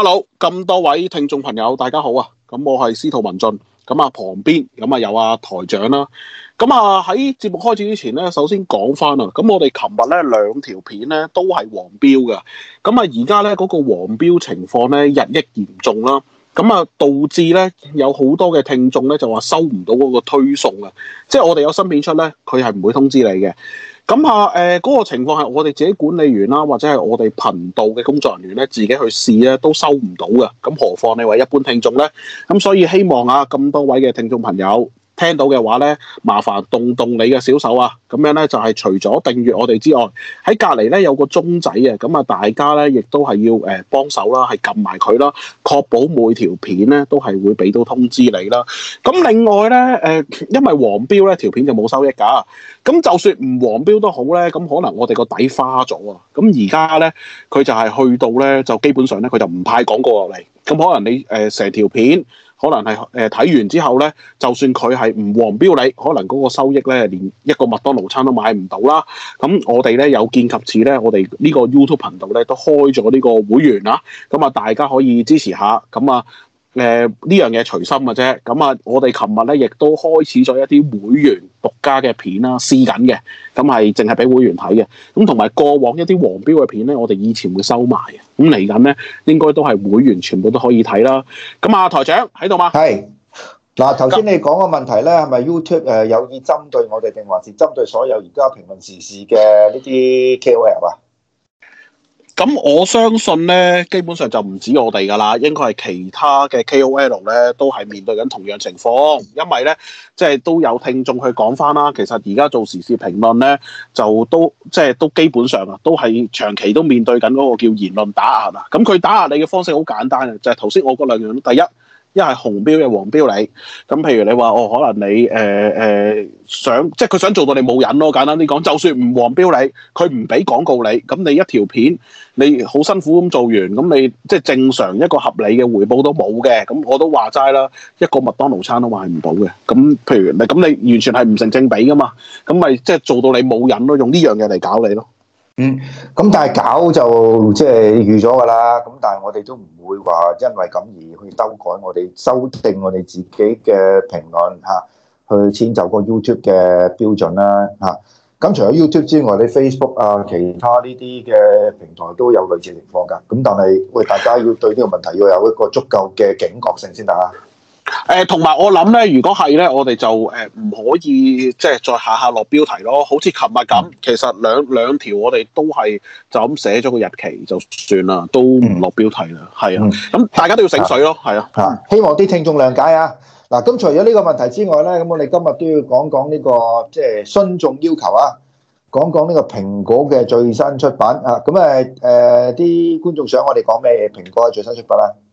hello，咁多位聽眾朋友，大家好啊！咁我係司徒文進，咁啊旁邊咁啊有啊，台長啦，咁啊喺節目開始之前咧，首先講翻啊，咁我哋琴日咧兩條片咧都係黃標㗎，咁啊而家咧嗰個黃標情況咧日益嚴重啦，咁啊導致咧有好多嘅聽眾咧就話收唔到嗰個推送啊，即係我哋有新片出咧，佢係唔會通知你嘅。咁啊，誒嗰個情況係我哋自己管理員啦，或者係我哋頻道嘅工作人員呢，自己去試咧都收唔到嘅。咁何況你話一般聽眾呢？咁所以希望啊，咁多位嘅聽眾朋友。聽到嘅話咧，麻煩動動你嘅小手啊！咁樣咧就係、是、除咗訂閱我哋之外，喺隔離咧有個鐘仔啊！咁啊，大家咧亦都係要誒幫、呃、手啦，係撳埋佢啦，確保每條片咧都係會俾到通知你啦。咁另外咧誒、呃，因為黃標咧條片就冇收益㗎，咁就算唔黃標都好咧，咁可能我哋個底花咗啊！咁而家咧佢就係去到咧就基本上咧佢就唔派廣告落嚟，咁可能你誒成條片。可能係誒睇完之後呢，就算佢係唔黃標你，可能嗰個收益呢，連一個麥當勞餐都買唔到啦。咁我哋呢，有見及此呢，我哋呢個 YouTube 頻道呢，都開咗呢個會員啦。咁啊，大家可以支持下，咁、嗯、啊。誒呢樣嘢隨心嘅啫，咁、嗯、啊，我哋琴日咧亦都開始咗一啲會員獨家嘅片啦，試緊嘅，咁係淨係俾會員睇嘅，咁同埋過往一啲黃標嘅片咧，我哋以前會收埋，嘅、嗯，咁嚟緊咧應該都係會員全部都可以睇啦。咁、嗯、啊，台長喺度嘛？係嗱，頭先、啊、你講個問題咧，係咪 YouTube 誒、呃、有意針對我哋，定還是針對所有而家評論時事嘅呢啲 KOL 啊？咁我相信呢，基本上就唔止我哋噶啦，應該係其他嘅 KOL 呢，都係面對緊同樣情況，因為呢，即係都有聽眾去講返啦。其實而家做時事評論呢，就都即係都基本上啊，都係長期都面對緊嗰個叫言論打壓啦。咁佢打壓你嘅方式好簡單嘅，就係頭先我講兩樣，第一。一係紅標嘅黃標你，咁譬如你話哦，可能你誒誒、呃呃、想，即係佢想做到你冇癮咯。簡單啲講，就算唔黃標你，佢唔俾廣告你，咁你一條片你好辛苦咁做完，咁你即係正常一個合理嘅回報都冇嘅。咁我都話齋啦，一個麥當勞餐都買唔到嘅。咁譬如你咁，你完全係唔成正比噶嘛。咁咪即係做到你冇癮咯，用呢樣嘢嚟搞你咯。嗯，咁但係搞就即係預咗㗎啦。咁但係我哋都唔會話因為咁而去修改我哋修訂我哋自己嘅評論嚇，去遷就個 YouTube 嘅標準啦嚇。咁除咗 YouTube 之外，你 Facebook 啊，其他呢啲嘅平台都有類似情況㗎。咁但係喂，大家要對呢個問題要有一個足夠嘅警覺性先得啊。誒，同埋，呃、我諗咧，如果係咧，我哋就誒唔可以即係再下下落標題咯，好似琴日咁。其實兩兩條我哋都係就咁寫咗個日期就算啦，都唔落標題啦。係啊，咁，嗯嗯嗯嗯，大家都要醒水咯。係啊，啊，啊，希望啲聽眾諒解啊。嗱，咁除咗呢個問題之外咧，咁我哋今日都要講講呢、呢個即係觀眾要求啊，講講呢個蘋果嘅最新出版啊。咁誒誒，啲觀眾想我哋講咩嘢？蘋果嘅最新出版啊？呃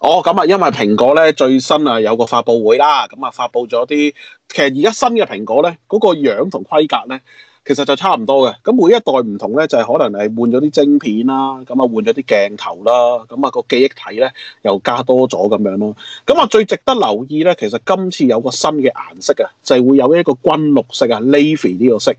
哦，咁啊，因為蘋果咧最新啊有個發佈會啦，咁啊發佈咗啲，其實而家新嘅蘋果咧嗰個樣同規格咧，其實就差唔多嘅，咁每一代唔同咧就係可能係換咗啲晶片啦，咁啊換咗啲鏡頭啦，咁啊個記憶體咧又加多咗咁樣咯，咁啊最值得留意咧，其實今次有個新嘅顏色啊，就係會有一個軍綠色啊，Leafy 呢個色。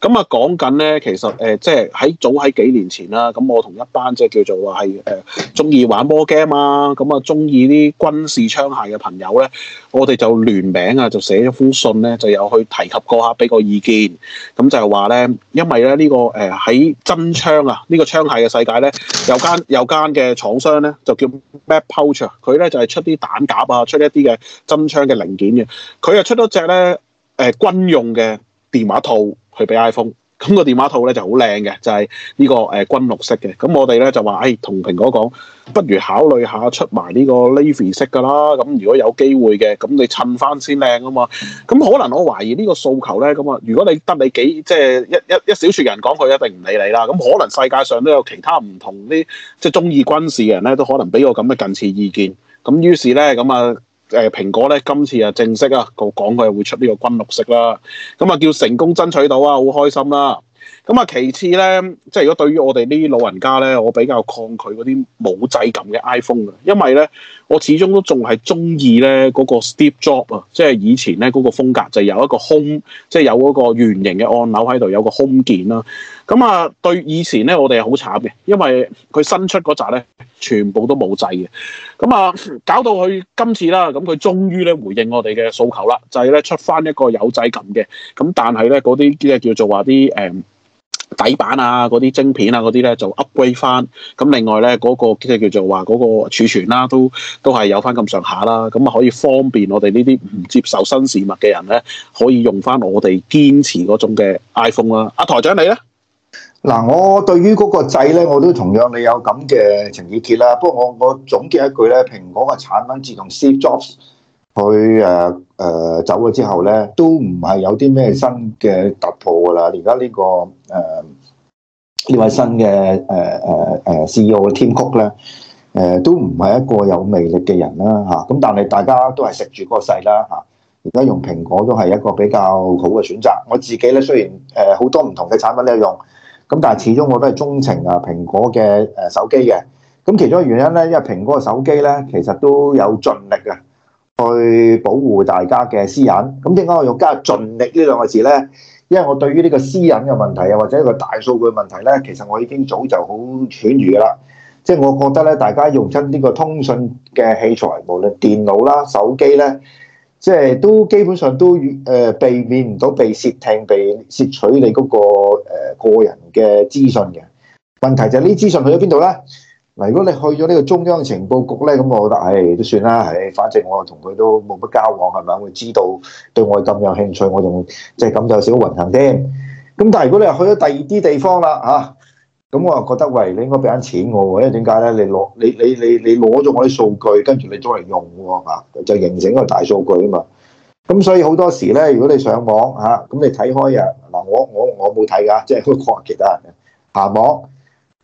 咁啊、嗯，講緊咧，其實誒，即係喺早喺幾年前啦。咁、嗯、我同一班即係叫做話係誒，中、呃、意玩魔 game 啊，咁、嗯、啊，中意啲軍事槍械嘅朋友咧，我哋就聯名啊，就寫咗封信咧，就有去提及過下，俾個意見。咁、嗯、就係話咧，因為咧呢、這個誒喺、呃、真槍啊，呢、這個槍械嘅世界咧，有間有間嘅廠商咧，就叫 Mapouch 啊，佢咧就係、是、出啲彈夾啊，出一啲嘅真槍嘅零件嘅，佢又出咗隻咧誒、呃、軍用嘅電話套。嗯佢俾 iPhone，咁個電話套咧就好靚嘅，就係呢個誒軍綠色嘅。咁我哋咧就話，誒同蘋果講，不如考慮下出埋呢個 navy 色噶啦。咁如果有機會嘅，咁你襯翻先靚啊嘛。咁可能我懷疑呢個訴求咧，咁啊，如果你得你幾即係一一一小撮人講，佢一定唔理你啦。咁可能世界上都有其他唔同啲即係中意軍事嘅人咧，都可能俾我咁嘅近似意見。咁於是咧，咁啊。誒、呃、蘋果咧，今次啊正式啊，講佢會出呢個軍綠色啦，咁啊叫成功爭取到啊，好開心啦！咁啊，其次咧，即係如果對於我哋呢啲老人家咧，我比較抗拒嗰啲冇掣感嘅 iPhone 啊，因為咧，我始終都仲係中意咧嗰個 Steve Jobs 啊，即係以前咧嗰、那個風格就有一個 home，即係有嗰個圓形嘅按鈕喺度，有個 home 鍵啦。咁啊，對以前咧，我哋係好慘嘅，因為佢新出嗰扎咧，全部都冇掣嘅。咁啊，搞到佢今次啦，咁佢終於咧回應我哋嘅訴求啦，就係、是、咧出翻一個有掣感嘅。咁但係咧，嗰啲叫做話啲誒。嗯底板啊，嗰啲晶片啊，嗰啲咧就 upgrade 翻。咁另外咧，嗰、嗰個即係、嗰個、叫做話嗰、嗰個儲存啦、啊，都都係有翻咁上下啦。咁啊，可以方便我哋呢啲唔接受新事物嘅人咧，可以用翻我哋堅持嗰種嘅 iPhone 啦、啊。阿、啊、台長你咧？嗱，我對於嗰個掣咧，我都同樣你有咁嘅情意結啦。不過我我總結一句咧，蘋果嘅產品自從 Steve Jobs。佢誒誒走咗之後咧，都唔係有啲咩新嘅突破噶啦。而家呢個誒呢、呃、位新嘅誒誒誒 CEO 添曲咧，誒、呃呃、都唔係一個有魅力嘅人啦。嚇、啊，咁但係大家都係食住嗰個勢啦。嚇、啊，而家用蘋果都係一個比較好嘅選擇。我自己咧雖然誒好多唔同嘅產品都有用，咁但係始終我都係鍾情啊蘋果嘅誒手機嘅。咁其中原因咧，因為蘋果嘅手機咧其實都有盡力嘅。去保護大家嘅私隱，咁點解我用加盡力呢兩個字呢？因為我對於呢個私隱嘅問題，又或者一個大數據問題呢，其實我已經早就好喘住噶啦。即係我覺得咧，大家用親呢個通訊嘅器材，無論電腦啦、手機呢，即係都基本上都誒避免唔到被竊聽、被竊取你嗰個誒個人嘅資訊嘅問題就係呢資訊去咗邊度呢？嗱，如果你去咗呢個中央情報局咧，咁我覺得，唉，都算啦，唉，反正我同佢都冇乜交往，係咪啊？會知道對我咁有興趣，我仲即係咁有少少運行添。咁但係如果你係去咗第二啲地方啦，嚇、啊，咁我啊覺得，喂，你應該俾緊錢我喎，因為點解咧？你攞你你你你攞咗我啲數據，跟住你攞嚟用喎，啊，就形成一個大數據啊嘛。咁所以好多時咧，如果你上網嚇，咁你睇開啊，嗱、啊，我我我冇睇㗎，即係都擴其他人下網。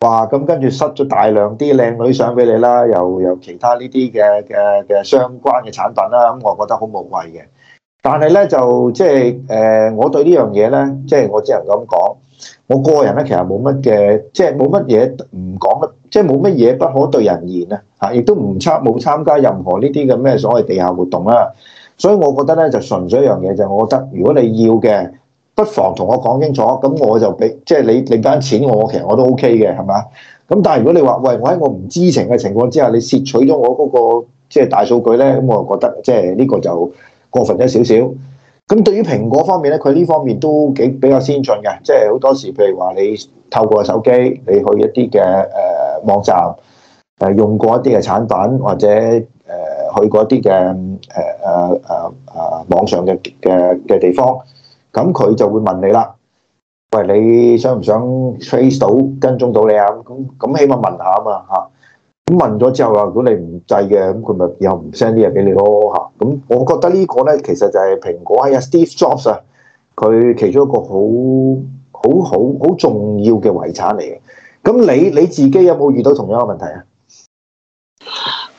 哇！咁跟住塞咗大量啲靚女相俾你啦，又有其他呢啲嘅嘅嘅相關嘅產品啦，咁我覺得好無謂嘅。但係咧就即係誒，我對呢樣嘢咧，即係我只能咁講，我個人咧其實冇乜嘅，即係冇乜嘢唔講，即係冇乜嘢不可對人言啊！嚇，亦都唔參冇參加任何呢啲嘅咩所謂地下活動啦。所以我覺得咧就純粹一樣嘢就係，我覺得如果你要嘅。不妨同我講清楚，咁我就俾即係你領翻錢我，我其實我都 OK 嘅，係嘛？咁但係如果你話喂，我喺我唔知情嘅情況之下，你竊取咗我嗰個即係大數據咧，咁我就覺得即係呢個就過分咗少少。咁對於蘋果方面咧，佢呢方面都幾比較先進嘅，即係好多時譬如話你透過手機，你去一啲嘅誒網站誒用過一啲嘅產品，或者誒去過一啲嘅誒誒誒誒網上嘅嘅嘅地方。咁佢就會問你啦，喂，你想唔想 trace 到跟蹤到你啊？咁咁，起碼問下嘛啊嘛嚇。咁問咗之後啊，如果你唔制嘅，咁佢咪又唔 send 啲嘢俾你咯、啊、嚇。咁、啊、我覺得個呢個咧，其實就係蘋果啊，Steve Jobs 啊，佢其中一個好好好好重要嘅遺產嚟嘅。咁你你自己有冇遇到同樣嘅問題啊？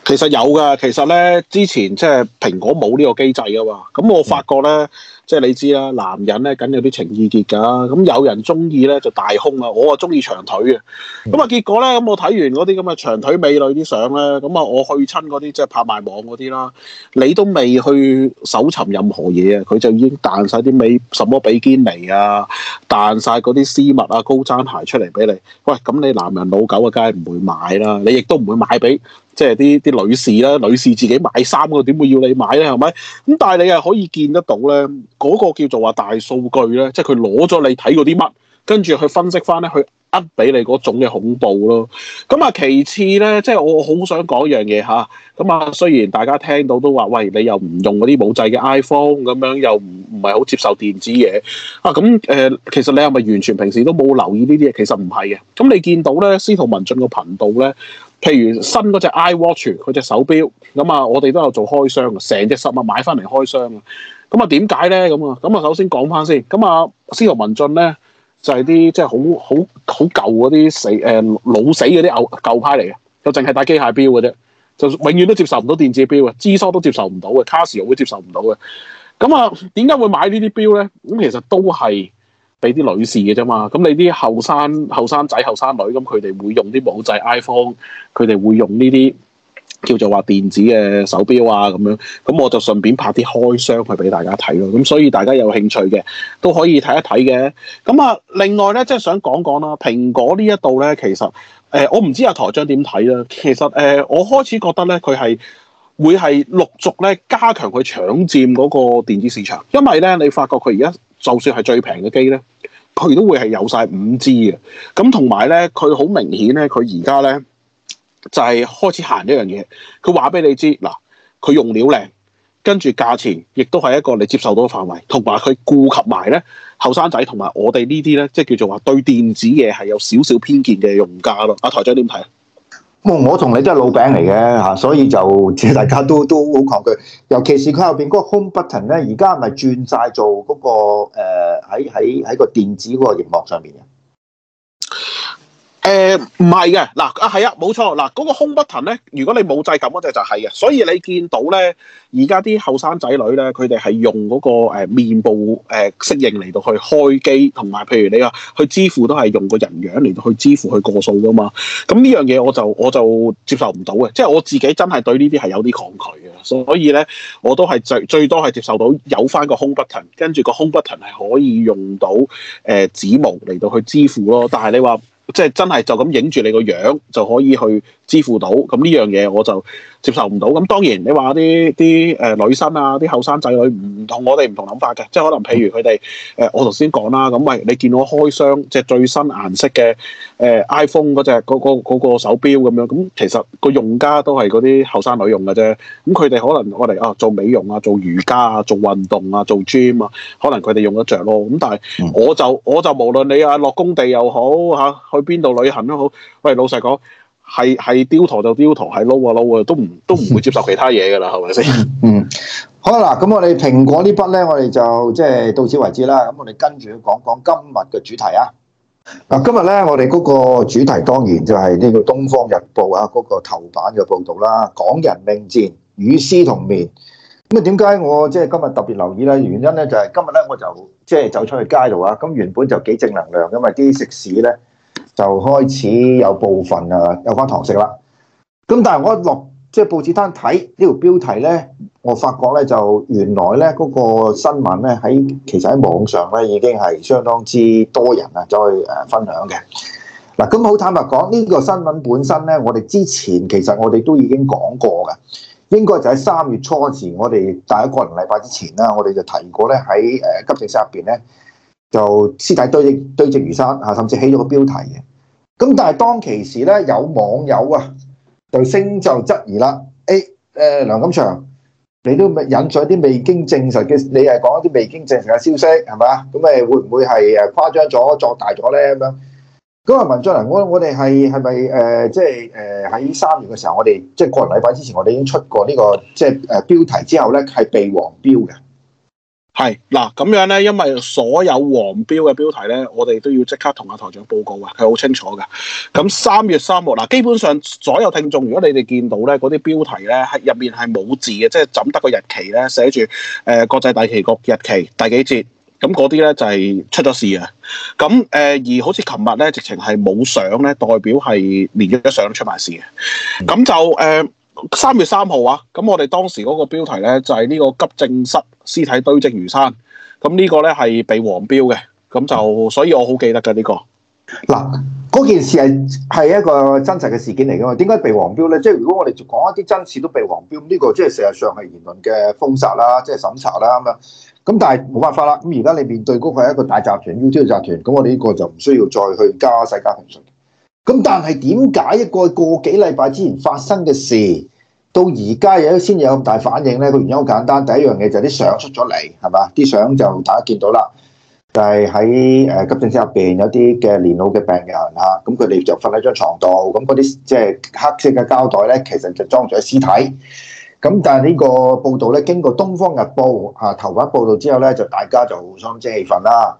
其實有噶，其實咧之前即係蘋果冇呢個機制噶嘛。咁我發覺咧。嗯即係你知啦，男人咧梗有啲情意結㗎。咁有人中意咧就大胸啊，我啊中意長腿啊。咁啊結果咧，咁我睇完嗰啲咁嘅長腿美女啲相咧，咁啊我去親嗰啲即係拍賣網嗰啲啦，你都未去搜尋任何嘢啊，佢就已經彈晒啲美什麼比堅尼啊，彈晒嗰啲絲襪啊、高踭鞋出嚟俾你。喂，咁你男人老狗啊，梗係唔會買啦。你亦都唔會買俾即係啲啲女士啦，女士自己買衫佢點會要你買咧，係咪？咁但係你係可以見得到咧。嗰個叫做話大數據咧，即係佢攞咗你睇嗰啲乜，跟住去分析翻咧，去呃俾你嗰種嘅恐怖咯。咁、嗯、啊，其次咧，即係我好想講一樣嘢嚇。咁啊，雖然大家聽到都話，喂，你又唔用嗰啲冇制嘅 iPhone 咁樣，又唔唔係好接受電子嘢啊。咁、嗯、誒、呃，其實你係咪完全平時都冇留意呢啲嘢？其實唔係嘅。咁、嗯、你見到咧，司徒文進個頻道咧，譬如新嗰隻 iWatch 佢隻手錶，咁、嗯、啊，我哋都有做開箱，成隻實物買翻嚟開箱啊！咁啊，點解咧？咁啊，咁啊，首先講翻先。咁啊，司徒文進咧，就係啲即係好好好舊嗰啲死誒老死嗰啲舊舊派嚟嘅，就淨係戴機械表嘅啫，就永遠都接受唔到電子表嘅，支蘇都接受唔到嘅，卡士又會接受唔到嘅。咁啊，點解會買錶呢啲表咧？咁其實都係俾啲女士嘅啫嘛。咁你啲後生後生仔後生女，咁佢哋會用啲冇制 iPhone，佢哋會用呢啲。叫做話電子嘅手錶啊咁樣，咁我就順便拍啲開箱去俾大家睇咯。咁所以大家有興趣嘅都可以睇一睇嘅。咁啊，另外咧，即係想講講啦，蘋果呢一度咧，其實誒、呃，我唔知阿台長點睇啦。其實誒、呃，我開始覺得咧，佢係會係陸續咧加強佢搶佔嗰個電子市場，因為咧，你發覺佢而家就算係最平嘅機咧，佢都會係有晒 5G 嘅。咁同埋咧，佢好明顯咧，佢而家咧。就係開始行一樣嘢，佢話俾你知嗱，佢用料靚，跟住價錢亦都係一個你接受到嘅範圍，同埋佢顧及埋咧後生仔同埋我哋呢啲咧，即係叫做話對電子嘢係有少少偏見嘅用家咯。阿台長點睇啊？我同你都係老餅嚟嘅嚇，所以就大家都都好抗拒，尤其是佢後邊嗰個 home button 咧，而家係咪轉晒做嗰個喺喺喺個電子嗰個熒幕上面嘅？誒唔係嘅，嗱啊係啊，冇錯嗱，嗰個 home button 咧，如果你冇制感嗰隻就係嘅，所以你見到咧，而家啲後生仔女咧，佢哋係用嗰個誒面部誒適應嚟到去開機，同埋譬如你話去支付都係用個人樣嚟到去支付去過數噶嘛，咁呢樣嘢我就我就接受唔到嘅，即係我自己真係對呢啲係有啲抗拒嘅，所以咧我都係最最多係接受到有翻個 home button，跟住個 home button 係可以用到誒指模嚟到去支付咯，但係你話。即係真係就咁影住你個樣就可以去支付到，咁呢樣嘢我就接受唔到。咁當然你話啲啲誒女生啊、啲後生仔女唔同我哋唔同諗法嘅，即係可能譬如佢哋誒我頭先講啦，咁喂你見我開箱即係最新顏色嘅誒、欸、iPhone 嗰隻嗰個嗰個手錶咁樣，咁其實個用家都係嗰啲後生女用嘅啫。咁佢哋可能我哋啊做美容啊、做瑜伽啊、做運動啊、做 gym 啊，可能佢哋用得着咯。咁但係我就我就無論你啊落工地又好嚇。啊啊去邊度旅行都好，喂老實講係係雕台就雕台，係撈啊撈啊，都唔都唔會接受其他嘢噶啦，係咪先？嗯，好啦咁我哋蘋果呢筆咧，我哋就即係到此為止啦。咁我哋跟住講講今日嘅主題啊。嗱，今日咧我哋嗰個主題當然就係呢個《東方日報》啊，嗰個頭版嘅報道啦。港人命賤，與屍同眠。咁啊，點解我即係今日特別留意咧？原因咧就係今日咧我就即係走出去街度啊。咁原本就幾正能量因為，啲食肆咧。就開始有部分啊，有翻堂食啦。咁但係我一落即係報紙攤睇呢條標題咧，我發覺咧就原來咧嗰、那個新聞咧喺其實喺網上咧已經係相當之多人啊再誒分享嘅。嗱，咁好坦白講，呢、這個新聞本身咧，我哋之前其實我哋都已經講過嘅，應該就喺三月初前，我哋第一個禮拜之前啦，我哋就提過咧喺誒急症室入邊咧。就屍體堆積堆積如山啊，甚至起咗個標題嘅。咁但係當其時咧，有網友啊，就聲就質疑啦。A，、欸、誒、呃、梁錦祥，你都引上一啲未經證實嘅，你係講一啲未經證實嘅消息係嘛？咁誒會唔會係誒誇張咗、作大咗咧？咁樣咁啊，文俊良，我我哋係係咪誒即係誒喺三月嘅時候，我哋即係過人禮拜之前，我哋已經出過呢、這個即係誒標題之後咧，係被黃標嘅。係嗱，咁樣咧，因為所有黃標嘅標題咧，我哋都要即刻同阿台長報告啊，佢好清楚噶。咁三月三號嗱，基本上所有聽眾，如果你哋見到咧嗰啲標題咧，係入面係冇字嘅，即係淨得個日期咧，寫住誒、呃、國際大棋局日期第幾節，咁嗰啲咧就係、是、出咗事啊。咁誒、呃、而好似琴日咧，直情係冇相咧，代表係連張一相都出埋事嘅。咁就誒。呃三月三號啊，咁我哋當時嗰個標題咧就係、是、呢個急症室屍體堆積如山，咁呢個咧係被黃標嘅，咁就所以我好記得嘅呢、這個。嗱，嗰件事係係一個真實嘅事件嚟嘅嘛，點解被黃標咧？即係如果我哋講一啲真事都被黃標，呢、這個即係事實上係言論嘅封殺啦，即、就、係、是、審查啦咁樣。咁但係冇辦法啦，咁而家你面對嗰個係一個大集團 YouTube 集團，咁我哋呢個就唔需要再去加曬加紅咁但係點解一個過幾禮拜之前發生嘅事，到而家有先有咁大反應呢？個原因好簡單，第一樣嘢就係啲相出咗嚟，係嘛？啲相就大家見到啦，就係誒喺急症室入邊有啲嘅年老嘅病人嚇，咁佢哋就瞓喺張床度，咁嗰啲即係黑色嘅膠袋呢，其實就裝住啲屍體。咁但係呢個報道呢，經過《東方日報》嚇頭版報道之後呢，就大家就互相即係氣憤啦。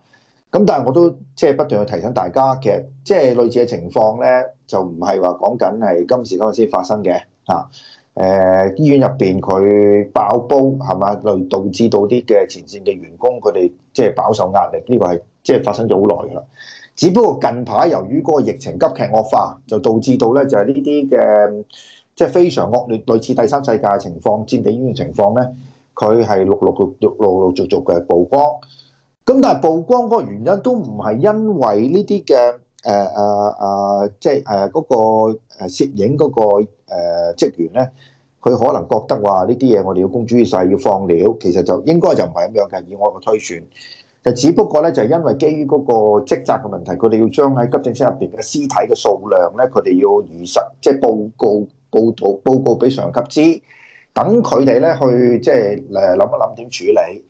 咁但係我都即係不斷去提醒大家，其實即係類似嘅情況咧，就唔係話講緊係今時嗰陣時發生嘅嚇。誒、呃，醫院入邊佢爆煲係咪啊？類導致到啲嘅前線嘅員工佢哋即係飽受壓力，呢、這個係即係發生咗好耐㗎喇。只不過近排由於嗰個疫情急劇惡化，就導致到咧就係呢啲嘅即係非常惡劣類似第三世界嘅情況，戰地醫院情況咧，佢係陸陸續續陸陸續續嘅曝光。咁但係曝光嗰個原因都唔係因為呢啲嘅誒誒誒，即係誒嗰個誒攝影嗰、那個誒、呃、職員咧，佢可能覺得話呢啲嘢我哋要公諸於世，要放料，其實就應該就唔係咁樣嘅。以我嘅推算，就只不過咧就係、是、因為基於嗰個職責嘅問題，佢哋要將喺急症室入邊嘅屍體嘅數量咧，佢哋要如實即係、就是、報告、報道、報告俾上級知，等佢哋咧去即係誒諗一諗點處理。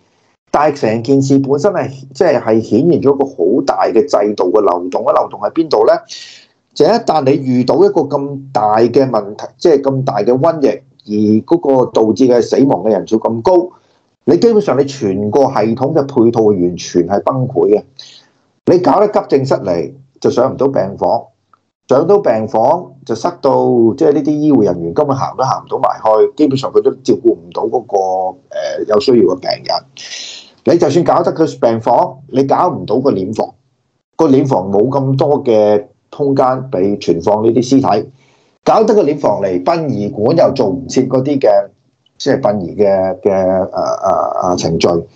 但係成件事本身係即係係顯現咗一個好大嘅制度嘅漏洞，嘅漏洞喺邊度咧？就一旦你遇到一個咁大嘅問題，即係咁大嘅瘟疫，而嗰個導致嘅死亡嘅人數咁高，你基本上你全個系統嘅配套完全係崩潰嘅。你搞得急症室嚟就上唔到病房，上到病房就塞到，即係呢啲醫護人員根本行都行唔到埋去，基本上佢都照顧唔到嗰個誒有需要嘅病人。你就算搞得佢病房，你搞唔到個殮房。個殮房冇咁多嘅空間俾存放呢啲屍體。搞得個殮房嚟殯儀館又做唔切嗰啲嘅，即係殯儀嘅嘅誒誒程序。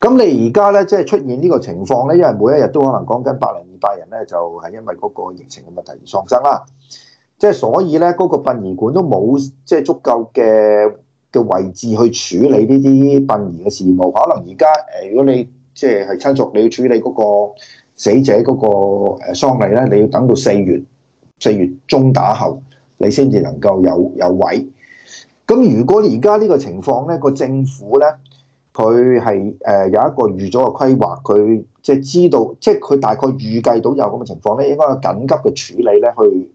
咁你而家咧，即係出現呢個情況咧，因為每一日都可能講緊百零二百人咧，就係因為嗰個疫情嘅問題而喪生啦。即係所以咧，嗰個殯儀館都冇即係足夠嘅。嘅位置去處理呢啲殯儀嘅事務，可能而家誒，如果你即係係親屬，你要處理嗰個死者嗰個誒喪禮咧，你要等到四月四月中打後，你先至能夠有有位。咁如果而家呢個情況咧，個政府咧，佢係誒有一個預咗嘅規劃，佢即係知道，即係佢大概預計到有咁嘅情況咧，應該有緊急嘅處理咧，去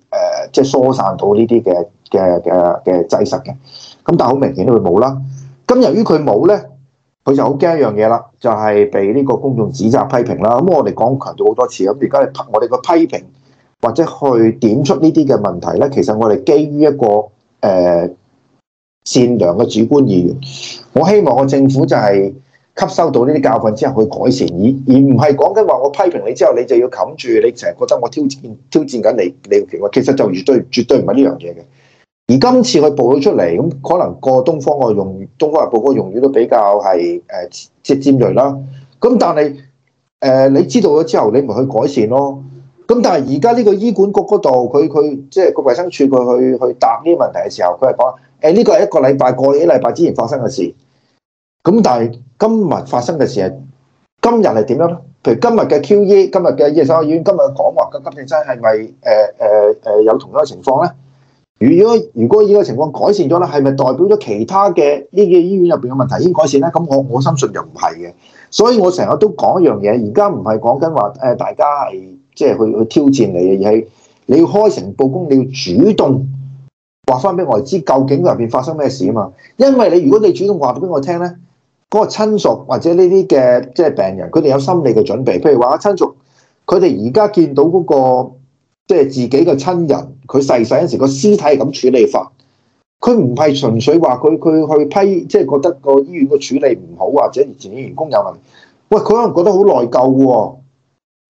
誒即係疏散到呢啲嘅嘅嘅嘅擠塞嘅。咁但係好明顯佢冇啦。咁由於佢冇咧，佢就好驚一樣嘢啦，就係、是、被呢個公眾指責、批評啦。咁、嗯、我哋講強調好多次，咁而家我哋個批評或者去點出呢啲嘅問題咧，其實我哋基於一個誒、呃、善良嘅主觀意願，我希望個政府就係吸收到呢啲教訓之後去改善，而而唔係講緊話我批評你之後，你就要冚住你成日覺得我挑戰挑戰緊你你嘅權力，其實就絕對絕對唔係呢樣嘢嘅。而今次佢報咗出嚟，咁可能個東方個用東方日報個用語都比較係誒，即尖銳啦。咁但係誒，你知道咗之後，你咪去改善咯。咁但係而家呢個醫管局嗰度，佢佢即係個衛生署佢去去答呢啲問題嘅時候，佢係講誒，呢個係一個禮拜過一禮拜之前發生嘅事。咁但係今日發生嘅事係今日係點樣咧？譬如今日嘅 QE，今日嘅醫生學院，今日講話嘅急症室係咪誒誒誒有同樣嘅情況咧？如果如果依個情況改善咗咧，係咪代表咗其他嘅呢個醫院入邊嘅問題已經改善咧？咁我我深信又唔係嘅，所以我成日都講一樣嘢，而家唔係講緊話誒，大家係即係去去挑戰你嘅，而係你要開誠布公，你要主動話翻俾我知究竟入邊發生咩事啊嘛？因為你如果你主動話俾我聽咧，嗰個親屬或者呢啲嘅即係病人，佢哋有心理嘅準備，譬如話親屬，佢哋而家見到嗰個。即係自己嘅親人，佢逝世嗰時個屍體係咁處理法，佢唔係純粹話佢佢去批，即係覺得個醫院嘅處理唔好，或者以前啲員工有問題。喂，佢可能覺得好內疚喎，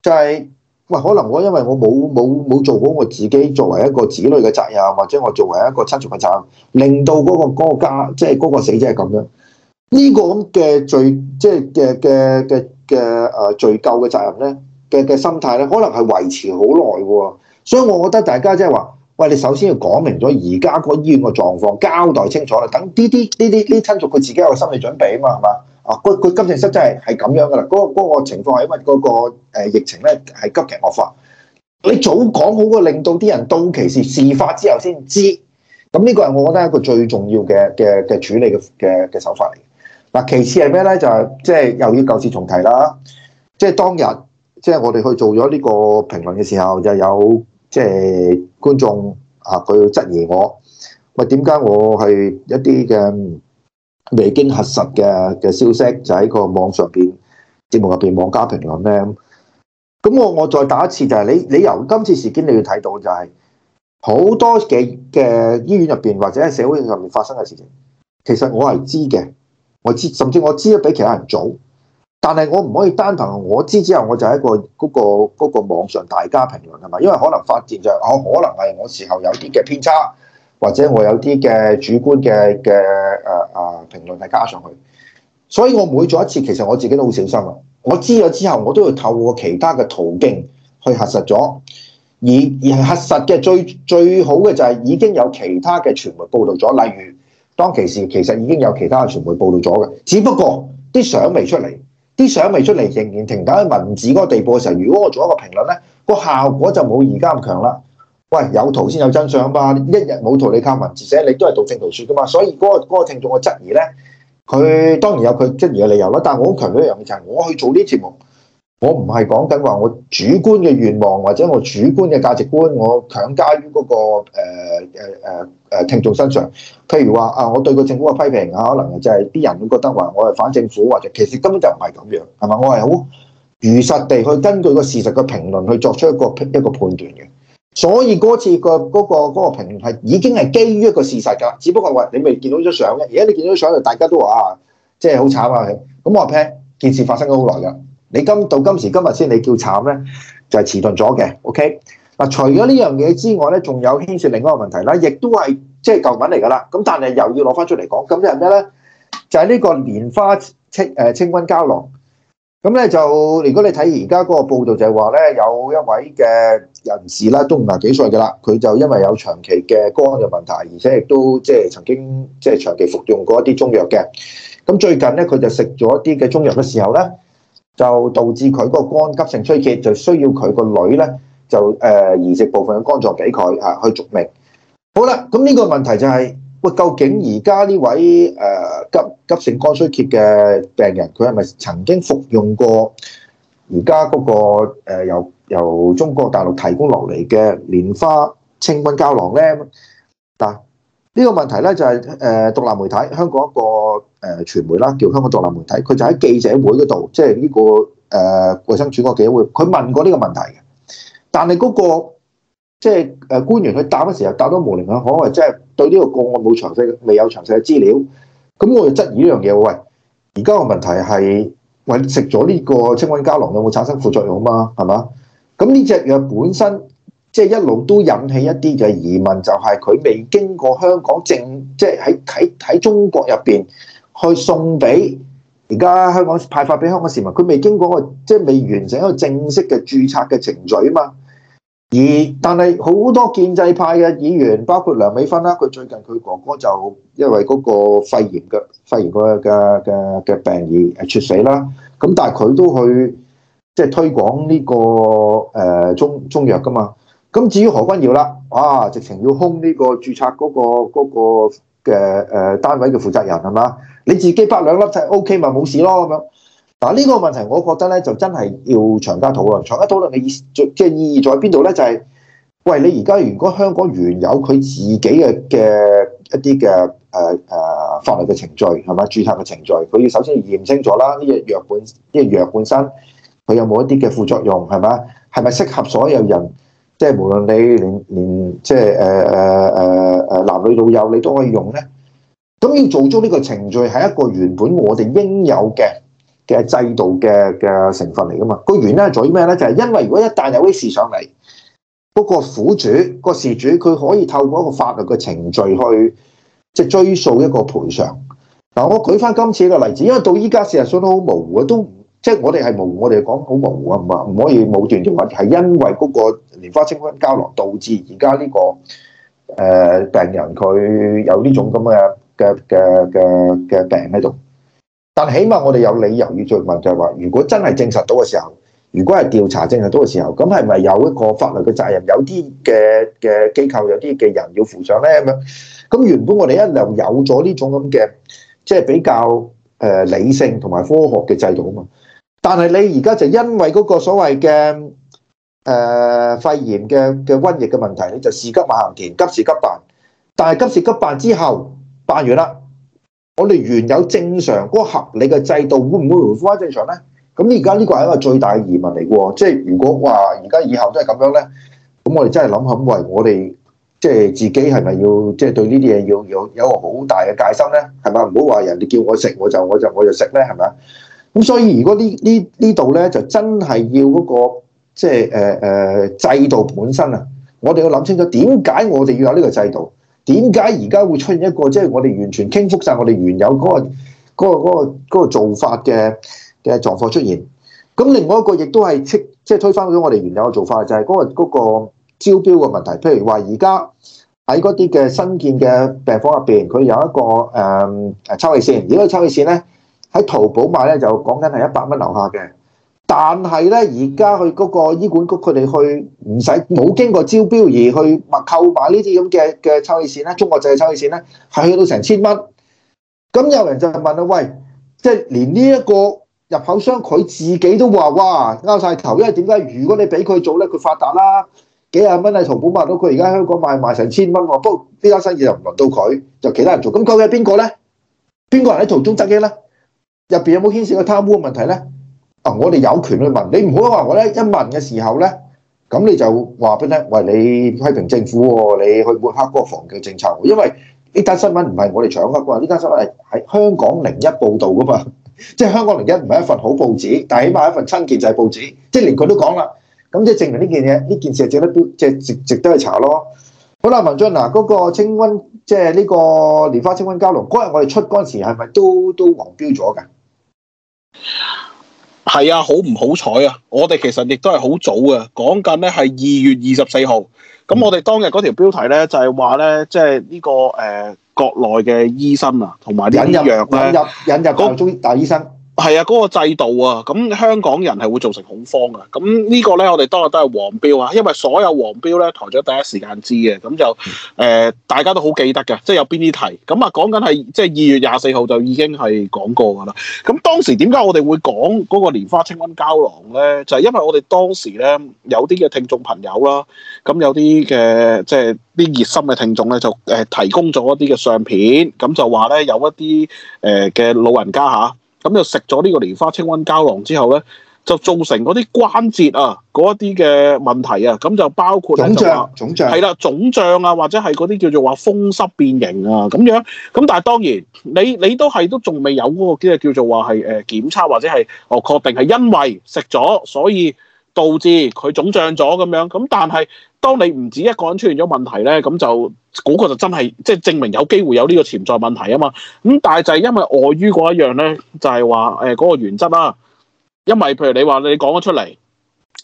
就係喂，可能我因為我冇冇冇做好我自己，作為一個子女嘅責任，或者我作為一個親屬嘅責任，令到嗰個嗰個家，即係嗰個死者係咁樣呢個咁嘅罪，即係嘅嘅嘅嘅誒罪疚嘅責任咧，嘅嘅心態咧，可能係維持好耐嘅。所以我覺得大家即係話，喂，你首先要講明咗而家個醫院個狀況，交代清楚啦。等啲啲啲啲啲親屬佢自己有個心理準備啊嘛，係嘛？啊，佢佢急症室真係係咁樣噶啦。嗰個情況係因為嗰個疫情咧係急劇惡，惡化。你早講好過令到啲人到期時事發之後先知。咁呢個係我覺得一個最重要嘅嘅嘅處理嘅嘅嘅手法嚟。嗱，其次係咩咧？就係即係又要舊事重提啦。即係當日，即係我哋去做咗呢個評論嘅時候，就有。即係觀眾啊，佢質疑我，喂，點解我係一啲嘅未經核實嘅嘅消息，就喺個網上邊節目入邊網加評論咧？咁我我再打一次就係，你你由今次事件你要睇到就係，好多嘅嘅醫院入邊或者喺社會上面發生嘅事情，其實我係知嘅，我知，甚至我知得比其他人早。但係我唔可以單憑我知之後，我就喺一個嗰個嗰個網上大家評論吖嘛？因為可能發展就可能係我時候有啲嘅偏差，或者我有啲嘅主觀嘅嘅誒誒評論係加上去，所以我每做一次，其實我自己都好小心啊！我知咗之後，我都會透過其他嘅途徑去核實咗，而而核實嘅最最好嘅就係已經有其他嘅傳媒報導咗，例如當其時其實已經有其他嘅傳媒報導咗嘅，只不過啲相未出嚟。啲相未出嚟，仍然停留喺文字嗰個地步嘅時候，如果我做一個評論咧，個效果就冇而家咁強啦。喂，有圖先有真相嘛，一日冇圖，你靠文字寫，你都係道聽途說噶嘛。所以嗰個嗰個聽眾嘅質疑咧，佢當然有佢質疑嘅理由啦。但係我好強烈一樣嘢就係，我去做呢個節目。我唔係講緊話我主觀嘅願望或者我主觀嘅價值觀，我強加於嗰個誒誒誒誒聽眾身上。譬如話啊，我對個政府嘅批評啊，可能就係啲人會覺得話我係反政府，或者其實根本就唔係咁樣，係咪？我係好如實地去根據個事實嘅評論去作出一個一個判斷嘅。所以嗰次個嗰個嗰個評論係已經係基於一個事實㗎，只不過話你未見到咗相咧。而家你見到咗相，大家都話啊，即係好慘啊！咁我話件事發生咗好耐㗎。你今到今時今日先你叫慘咧，就係、是、遲鈍咗嘅。OK，嗱，除咗呢樣嘢之外咧，仲有牽涉另外一個問題啦，亦都係即係舊品嚟噶啦。咁但係又要攞翻出嚟講，咁即係咩咧？就係、是、呢個蓮花清誒清瘟膠囊。咁咧就，如果你睇而家嗰個報道，就係話咧，有一位嘅人士啦，都五啊幾歲噶啦，佢就因為有長期嘅肝嘅問題，而且亦都即係、就是、曾經即係、就是、長期服用過一啲中藥嘅。咁最近咧，佢就食咗一啲嘅中藥嘅時候咧，就導致佢個肝急性衰竭，就需要佢個女咧就誒、呃、移植部分嘅肝臟俾佢啊去續命。好啦，咁呢個問題就係、是、喂，究竟而家呢位誒、呃、急急性肝衰竭嘅病人，佢係咪曾經服用過而家嗰個、呃、由由中國大陸提供落嚟嘅蓮花清瘟膠囊咧？嗱。呢個問題咧就係誒獨立媒體香港一個誒傳媒啦，叫香港獨立媒體，佢就喺記者會嗰度，即係呢個誒衞生署個記者會，佢問過呢個問題嘅。但係嗰、那個即係誒官員佢答嘅時候答到無釐頭，可謂即係對呢個個案冇詳細，未有詳細嘅資料。咁我哋質疑呢樣嘢，喂！而家個問題係喂食咗呢個清瘟膠囊有冇產生副作用啊？嘛係嘛？咁呢隻藥本身。即係一路都引起一啲嘅疑問，就係佢未經過香港政，即係喺喺中國入邊去送俾而家香港派發俾香港市民，佢未經過個即係未完成一個正式嘅註冊嘅程序啊嘛。而但係好多建制派嘅議員，包括梁美芬啦，佢最近佢哥哥就因為嗰個肺炎嘅肺炎嘅嘅嘅病而猝死啦。咁但係佢都去即係、即係、推廣呢、呢個誒、呃、中中藥噶嘛。咁至於何君耀啦，啊，直情要空呢個註冊嗰、嗰個嘅誒、嗰個、單位嘅負責人係嘛？你自己擺兩粒掣 O K 咪冇事咯咁樣。嗱呢個問題我覺得咧就真係要長家討論，長家討論嘅意即係意義在邊度咧？就係、係，喂你而家如果香港原有佢自己嘅嘅一啲嘅誒誒法律嘅程序係咪？註冊嘅程序，佢要首先要驗清楚啦，呢隻藥本呢個藥本身佢有冇一啲嘅副作用係咪？係咪適合所有人？即係無論你連連即係誒誒誒誒男女老幼你都可以用咧，咁要做足呢個程序係一個原本我哋應有嘅嘅制度嘅嘅成分嚟㗎嘛。個原因係做啲咩咧？就係、是、因為如果一旦有啲事上嚟，嗰、個苦主、個事主佢可以透過一個法律嘅程序去即係追訴一個賠償。嗱、啊，我舉翻今次嘅例子，因為到依家事實上都好模糊嘅都。即係我哋係模糊，我哋講好模糊啊，唔可以冇斷續話，係因為嗰個蓮花清瘟膠囊導致而家呢個誒、呃、病人佢有呢種咁嘅嘅嘅嘅嘅病喺度。但起碼我哋有理由要追問就，就係話如果真係證實到嘅時候，如果係調查證實到嘅時候，咁係咪有一個法律嘅責任？有啲嘅嘅機構，有啲嘅人要負上咧咁樣。咁原本我哋一嚟有咗呢種咁嘅，即係比較誒理性同埋科學嘅制度啊嘛～但係你而家就因為嗰個所謂嘅誒、呃、肺炎嘅嘅瘟疫嘅問題，你就事急馬行田，急時急辦。但係急時急辦之後辦完啦，我哋原有正常嗰個合理嘅制度會唔會回復翻正常咧？咁而家呢個係一個最大疑問嚟嘅喎。即係如果話而家以後都係咁樣咧，咁我哋真係諗肯咁為我哋即係自己係咪要即係、就是、對呢啲嘢要有有一個好大嘅戒心咧？係咪？唔好話人哋叫我食我就我就我就食咧，係咪？咁所以如果呢呢呢度咧，就真係要嗰個即係誒誒制度本身啊！我哋要諗清楚點解我哋要有呢個制度？點解而家會出現一個即係我哋完全傾覆晒我哋原有嗰個嗰個嗰個嗰個做法嘅嘅狀況出現？咁另外一個亦都係即即係推翻咗我哋原有嘅做法，就係嗰個嗰個招標嘅問題。譬如話而家喺嗰啲嘅新建嘅病房入邊，佢有一個誒誒抽氣扇。點解嗰個抽氣扇咧？喺淘寶買咧就講緊係一百蚊樓下嘅，但係咧而家佢嗰個醫管局佢哋去唔使冇經過招標而去物購買呢啲咁嘅嘅抽氣扇咧，中國製嘅抽氣扇咧係去到成千蚊。咁有人就問啦，喂，即係連呢一個入口商佢自己都話哇，勾曬頭，因為點解？如果你俾佢做咧，佢發達啦，幾廿蚊喺淘寶買到，佢而家香港賣賣成千蚊喎。不過呢單生意又唔輪到佢，就其他人做。咁究竟係邊個咧？邊個人喺途中得益咧？入邊有冇牽涉過貪污嘅問題咧？啊，我哋有權去問你，唔好話我咧，一問嘅時候咧，咁你就話俾你聽，喂，你批評政府喎，你去抹黑嗰個防疫政策。哦，因為呢單新聞唔係我哋搶嘅嘛，呢單新聞係喺香港《零一》報道噶嘛，即係香港《零一》唔係一份好報紙，但起碼一份親建制報紙，即係連佢都講啦，咁即係證明呢件嘢，呢件事係值得，即係值值得去查咯。好啦，文進嗱，嗰個清溫，即係呢個蓮花清瘟膠囊嗰日，我哋出嗰陣時係咪都都黃標咗嘅？.係啊，好唔好彩啊！我哋其實亦都係好早啊。講緊咧係二月二十四號。咁我哋當日嗰條標題咧就係話咧，即係呢個誒、呃、國內嘅醫生啊，同埋引入引入引入國中醫大醫生。係啊，嗰、那個制度啊，咁香港人係會造成恐慌噶。咁呢個呢，我哋當日都係黃標啊，因為所有黃標呢，台長第一時間知嘅，咁就誒、呃、大家都好記得嘅，即、就、係、是、有邊啲題。咁啊，講緊係即係二月廿四號就已經係講過噶啦。咁當時點解我哋會講嗰個蓮花清瘟膠囊呢？就係、是、因為我哋當時呢，有啲嘅聽眾朋友啦，咁有啲嘅即係啲熱心嘅聽眾呢，就誒、是、提供咗一啲嘅相片，咁就話呢，有一啲誒嘅老人家嚇。咁就食咗呢個蓮花清瘟膠囊之後咧，就造成嗰啲關節啊，嗰一啲嘅問題啊，咁就包括腫脹、腫脹，係啦，腫脹啊，或者係嗰啲叫做話風濕變形啊咁樣。咁但係當然，你你都係都仲未有嗰個叫做話係誒檢測或者係我、哦、確定係因為食咗所以。導致佢腫脹咗咁樣，咁但係當你唔止一個人出現咗問題咧，咁就嗰、那個就真係即係證明有機會有呢個潛在問題啊嘛。咁但係就係因為礙於嗰一樣咧，就係話誒嗰個原則啦、啊。因為譬如你話你講咗出嚟，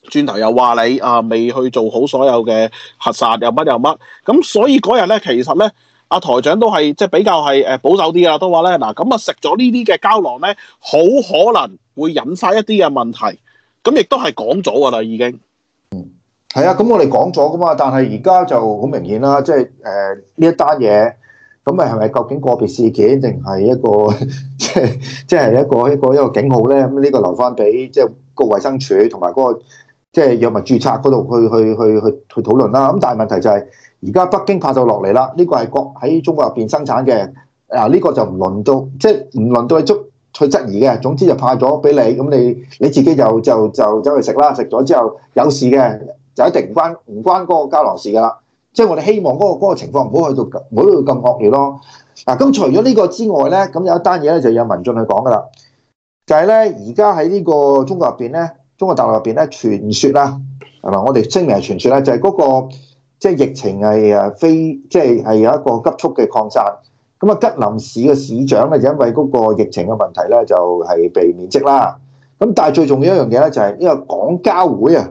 轉頭又話你啊未去做好所有嘅核實，又乜又乜咁，所以嗰日咧其實咧，阿、啊、台長都係即係比較係誒保守啲啊，都話咧嗱，咁啊食咗呢啲嘅膠囊咧，好可能會引發一啲嘅問題。咁亦都係講咗㗎啦，已經。嗯，係啊，咁我哋講咗噶嘛，但係而家就好明顯啦，即係誒呢一單嘢，咁誒係咪究竟個別事件定係一個即係即係一個一個一個,一個警號咧？咁呢個留翻俾即係個衞生署同埋嗰個即係藥物註冊嗰度去去去去去,去討論啦。咁但係問題就係而家北京派就落嚟啦，呢個係國喺中國入邊生產嘅，啊呢個就唔輪到，即係唔輪到係中。去質疑嘅，總之就派咗俾你，咁你你自己就就就走去食啦，食咗之後有事嘅就一定唔關唔關嗰個膠囊事噶啦。即係我哋希望嗰個嗰個情況唔好去到唔好去到咁惡劣咯。嗱，咁除咗呢個之外咧，咁有一單嘢咧就有文進去講噶啦，就係咧而家喺呢個中國入邊咧，中國大陸入邊咧傳說啦，係嘛？我哋聲明係傳說啦，就係嗰個即係疫情係誒非即係係有一個急速嘅擴散。咁啊，吉林市嘅市長咧，就因為嗰個疫情嘅問題咧，就係被免職啦。咁但係最重要一樣嘢咧，就係呢個廣交會啊，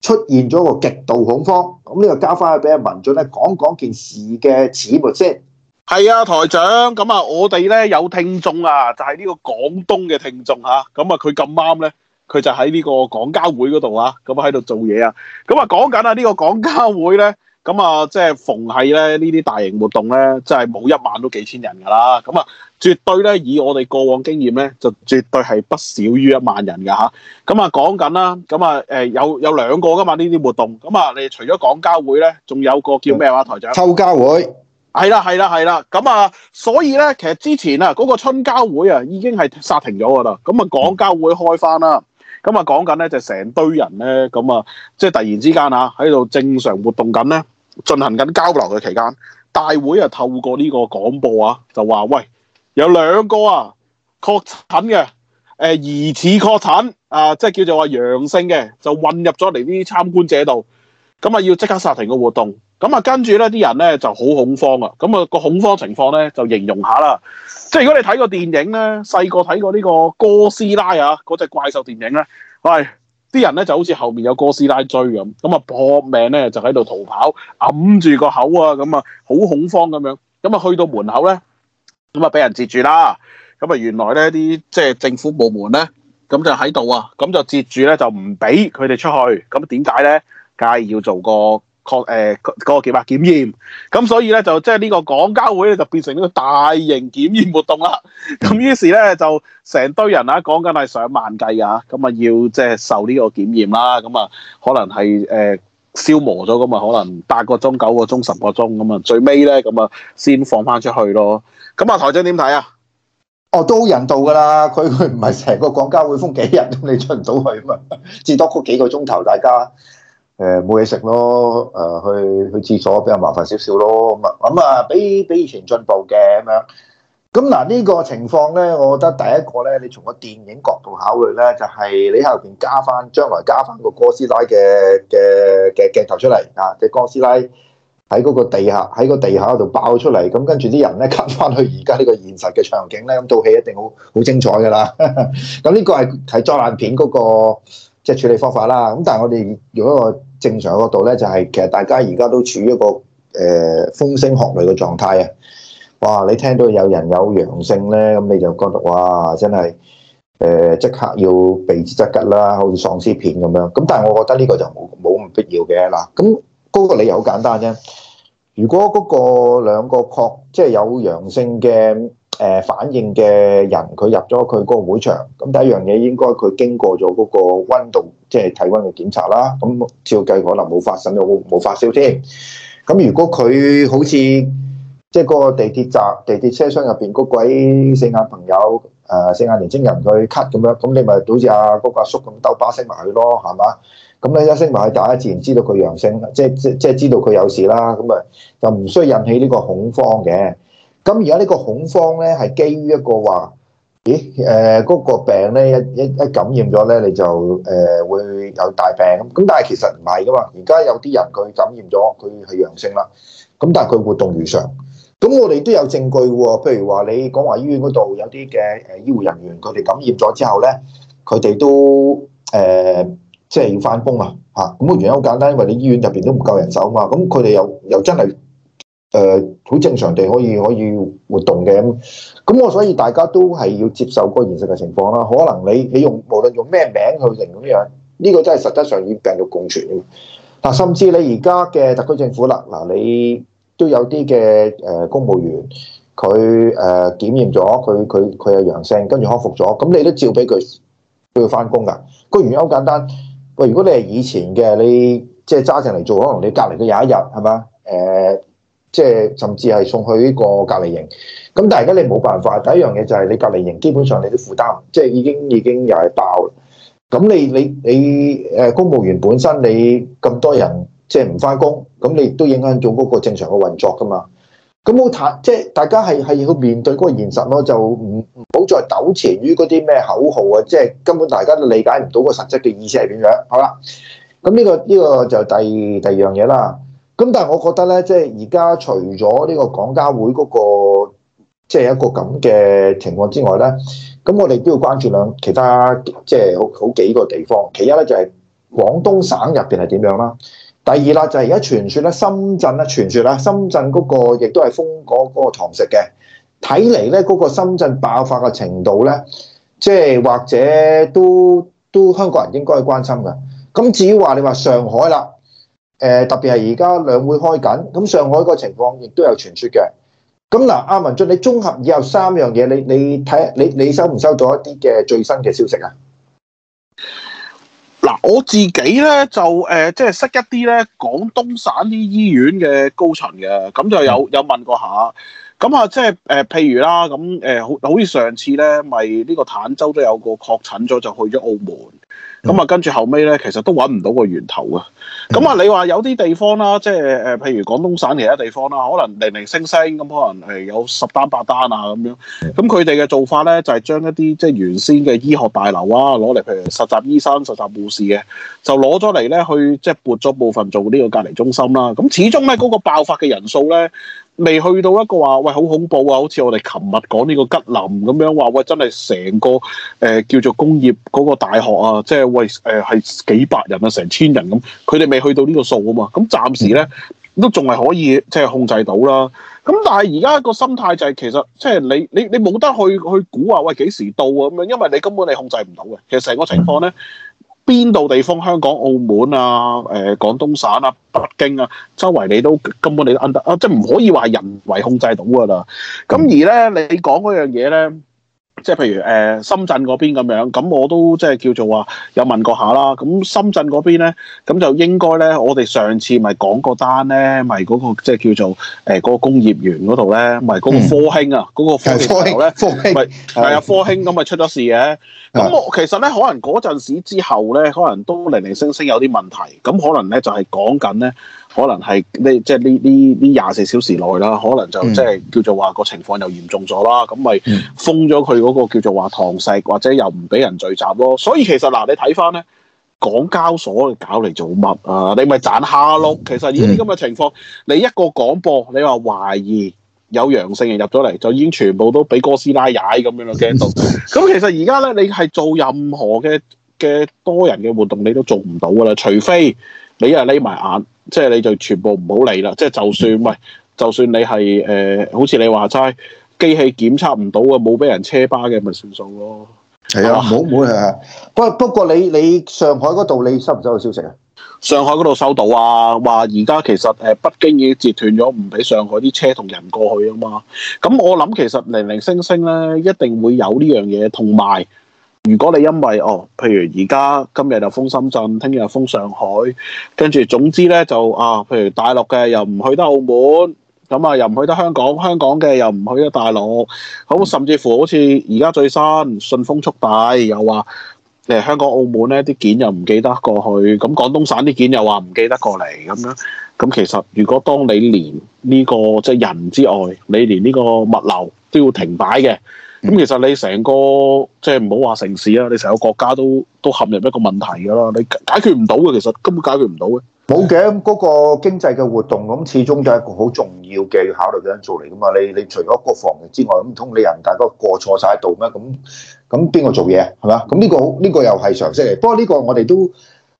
出現咗個極度恐慌。咁呢個交翻俾阿文進咧，講講件事嘅始末先。係啊，台長。咁啊，我哋咧有聽眾啊，就係呢個廣東嘅聽眾嚇。咁啊，佢咁啱咧，佢就喺呢個廣交會嗰度啊，咁喺度做嘢啊。咁啊，講緊啊呢個廣交會咧。咁啊，即係逢係咧呢啲大型活動咧，即係冇一萬都幾千人㗎啦。咁啊，絕對咧以我哋過往經驗咧，就絕對係不少於一萬人㗎吓。咁啊，講緊啦，咁啊誒有有兩個㗎嘛呢啲活動。咁啊，你除咗廣交會咧，仲有個叫咩話台長？秋交會。係啦係啦係啦。咁啊，所以咧其實之前啊嗰個春交會啊已經係煞停咗㗎啦。咁啊廣交會開返啦。咁啊講緊咧就成堆人咧，咁啊即係突然之間啊喺度正常活動緊咧。進行緊交流嘅期間，大會啊透過呢個廣播啊就話：喂，有兩個啊確診嘅、呃，疑似確診啊、呃，即係叫做話陽性嘅，就混入咗嚟啲參觀者度，咁啊要即刻殺停個活動。咁啊跟住呢啲人呢就好恐慌啊，咁、那、啊個恐慌情況呢就形容下啦，即係如果你睇過電影呢，細個睇過呢個哥斯拉啊嗰隻、那個、怪獸電影呢。喂。啲人咧就好似後面有哥斯拉追咁，咁啊搏命咧就喺度逃跑，揞住個口啊，咁啊好恐慌咁樣，咁啊去到門口咧，咁啊俾人截住啦，咁啊原來咧啲即係政府部門咧，咁就喺度啊，咁就截住咧就唔俾佢哋出去，咁點解咧？梗係要做個確誒、呃、個個檢核檢驗，咁所以咧就即係呢個廣交會咧就變成呢個大型檢驗活動啦。咁、嗯、於是咧就成堆人啦、啊，講緊係上萬計啊。咁、嗯、啊要即係、就是、受呢個檢驗啦。咁、嗯、啊可能係誒、呃、消磨咗，咁啊可能八個鐘、九個鐘、十個鐘咁啊。最尾咧咁啊先放翻出去咯。咁、嗯、啊，台長點睇啊？哦，都好人道噶啦，佢佢唔係成個廣交會封幾日，咁你出唔到去嘛？至多焗幾個鐘頭，大家。誒冇嘢食咯，誒、呃、去去廁所比較麻煩少少咯，咁啊咁啊，比比以前進步嘅咁樣。咁嗱呢個情況咧，我覺得第一個咧，你從個電影角度考慮咧，就係、是、你喺後邊加翻，將來加翻個哥斯拉嘅嘅嘅鏡頭出嚟啊！嘅哥斯拉喺嗰個地下喺個地下度爆出嚟，咁跟住啲人咧吸翻去而家呢個現實嘅場景咧，咁套戲一定好好精彩㗎啦！咁呢個係睇災難片嗰、那個。即係處理方法啦，咁但係我哋用一個正常嘅角度咧，就係、是、其實大家而家都處於一個誒、呃、風聲鶴唳嘅狀態啊！哇，你聽到有人有陽性咧，咁你就覺得哇，真係誒即刻要避之則吉啦，好似喪屍片咁樣。咁但係我覺得呢個就冇冇咁必要嘅啦。咁嗰個理由好簡單啫，如果嗰個兩個確即係有陽性嘅。誒反應嘅人，佢入咗佢嗰個會場，咁第一樣嘢應該佢經過咗嗰個溫度，即係體溫嘅檢查啦。咁照計可能冇發疹又冇發燒添。咁如果佢好似即係個地鐵站、地鐵車廂入邊嗰鬼四眼朋友、誒、呃、四眼年輕人佢咳咁樣，咁你咪好似阿哥阿叔咁兜巴升埋去咯，係嘛？咁你一升埋去，大家自然知道佢陽性，即即即係知道佢有事啦。咁啊，就唔需要引起呢個恐慌嘅。咁而家呢個恐慌咧，係基於一個話，咦，誒、呃、嗰、那個病咧一一感染咗咧，你就誒、呃、會有大病咁。咁但係其實唔係噶嘛。而家有啲人佢感染咗，佢係陽性啦。咁但係佢活動如常。咁我哋都有證據喎、哦。譬如話，你港華醫院嗰度有啲嘅誒醫護人員，佢哋感染咗之後咧，佢哋都誒即係要返工啊！嚇咁原因好簡單，因為你醫院入邊都唔夠人手啊嘛。咁佢哋又又真係。誒，好、呃、正常地可以可以活動嘅，咁，咁我所以大家都係要接受個現實嘅情況啦。可能你你用無論用咩名去認咁樣，呢個真係實質上與病毒共存。但甚至你而家嘅特區政府啦，嗱，你都有啲嘅誒公務員，佢誒檢驗咗，佢佢佢係陽性，跟住康復咗，咁你都照俾佢，俾佢翻工噶。那個原因好簡單，喂、呃，如果你係以前嘅，你即係揸上嚟做，可能你隔籬都有一日係嘛，誒。呃即係甚至係送去呢個隔離營，咁但係而家你冇辦法。第一樣嘢就係你隔離營基本上你都負擔，即係已經已經又係爆。咁你你你誒公務員本身你咁多人即係唔翻工，咁你都影響咗嗰個正常嘅運作㗎嘛。咁好即係大家係係要面對嗰個現實咯，就唔唔好再糾纏於嗰啲咩口號啊！即係根本大家都理解唔到個實質嘅意思係點樣。好啦，咁呢個呢個就第二第二樣嘢啦。咁但係我覺得咧，即係而家除咗呢個廣交會嗰個即係一個咁嘅情況之外咧，咁我哋都要關注兩其他即係、就是、好好幾個地方。其一咧就係廣東省入邊係點樣啦，第二啦就係而家傳説咧，深圳咧傳説啦，深圳嗰個亦都係封嗰個堂食嘅。睇嚟咧，嗰個深圳爆發嘅程度咧，即、就、係、是、或者都都香港人應該關心嘅。咁至於話你話上海啦，誒特別係而家兩會開緊，咁上海個情況亦都有傳説嘅。咁嗱，阿文俊，你綜合以後三樣嘢，你你睇，你你，你收唔收到一啲嘅最新嘅消息啊？嗱，我自己咧就誒，即係識一啲咧廣東省啲醫院嘅高層嘅，咁就有有問過下。咁啊，即係誒，譬如啦，咁誒，好好似上次咧，咪呢個坦洲都有個確診咗，就去咗澳門。咁啊，嗯嗯、跟住後尾咧，其實都揾唔到個源頭啊！咁、嗯、啊、嗯，你話有啲地方啦，即係誒，譬如廣東省其他地方啦，可能零零星星咁，可能係有十單八單啊咁樣。咁佢哋嘅做法咧，就係、是、將一啲即係原先嘅醫學大樓啊，攞嚟，譬如實習醫生、實習護士嘅，就攞咗嚟咧去，即係撥咗部分做呢個隔離中心啦。咁、嗯、始終咧，嗰、那個爆發嘅人數咧。未去到一個話，喂，好恐怖啊！好似我哋琴日講呢個吉林咁樣，話喂，真係成個誒、呃、叫做工業嗰個大學啊，即係喂誒係幾百人啊，成千人咁，佢哋未去到呢個數啊嘛。咁、嗯、暫時咧都仲係可以即係控制到啦。咁但係而家個心態就係、是、其實即係你你你冇得去去估話喂幾時到啊咁樣，因為你根本你控制唔到嘅。其實成個情況咧。嗯。邊度地方？香港、澳門啊，誒、呃、廣東省啊、北京啊，周圍你都根本你都 under 啊，即係唔可以話人為控制到㗎啦。咁而咧，你講嗰樣嘢咧。即係譬如誒、呃、深圳嗰邊咁樣，咁我都即係叫做話有問過下啦。咁深圳嗰邊咧，咁就應該咧，我哋上次咪講、嗰個單咧，咪嗰個即係叫做誒嗰個工業園嗰度咧，咪嗰個科興啊，嗰、嗯、個科興咧，科興係啊科興咁啊出咗事嘅。咁我其實咧，可能嗰陣時之後咧，可能都零零星星有啲問題，咁可能咧就係講緊咧。可能係呢，即係呢呢呢廿四小時內啦，可能就即係叫做話個情況又嚴重咗啦，咁咪封咗佢嗰個叫做話堂食，或者又唔俾人聚集咯。所以其實嗱，你睇翻咧，港交所搞嚟做乜啊？你咪賺下碌。其實呢啲咁嘅情況，嗯、你一個廣播，你話懷疑有陽性人入咗嚟，就已經全部都俾哥斯拉踩咁樣咯，驚到。咁 其實而家咧，你係做任何嘅嘅多人嘅活動，你都做唔到噶啦，除非你係匿埋眼。即係你就全部唔好理啦！即係就算喂，就算你係誒、呃，好似你話齋機器檢測唔到嘅，冇俾人車巴嘅，咪算數咯。係的啊，唔好唔好啊！不不過你，你上海嗰度你收唔收到消息啊？上海嗰度收到啊，話而家其實誒北京已經截斷咗，唔俾上海啲車同人過去啊嘛。咁我諗其實零零星星咧，一定會有呢樣嘢，同埋。如果你因為哦，譬如而家今日就封深圳，聽日封上海，跟住總之呢就啊，譬如大陸嘅又唔去得澳門，咁啊又唔去得香港，香港嘅又唔去得大陸，好甚至乎好似而家最新，順豐速遞又話誒香港澳門呢啲件又唔記得過去，咁廣東省啲件又話唔記得過嚟，咁樣咁其實如果當你連呢個即係人之外，你連呢個物流都要停擺嘅，咁、嗯、其實你成個即係唔好話城市啊，你成個國家都都陷入一個問題㗎啦，你解決唔到嘅，其實根本解決唔到嘅。冇嘅、嗯，嗰個經濟嘅活動咁、嗯、始終就係一個好重要嘅要考慮點樣做嚟㗎嘛。你你除咗國防之外，咁唔通你人大個過錯晒度咩？咁咁邊個做嘢係嘛？咁、這、呢個呢個又係常識嚟。不過呢個我哋都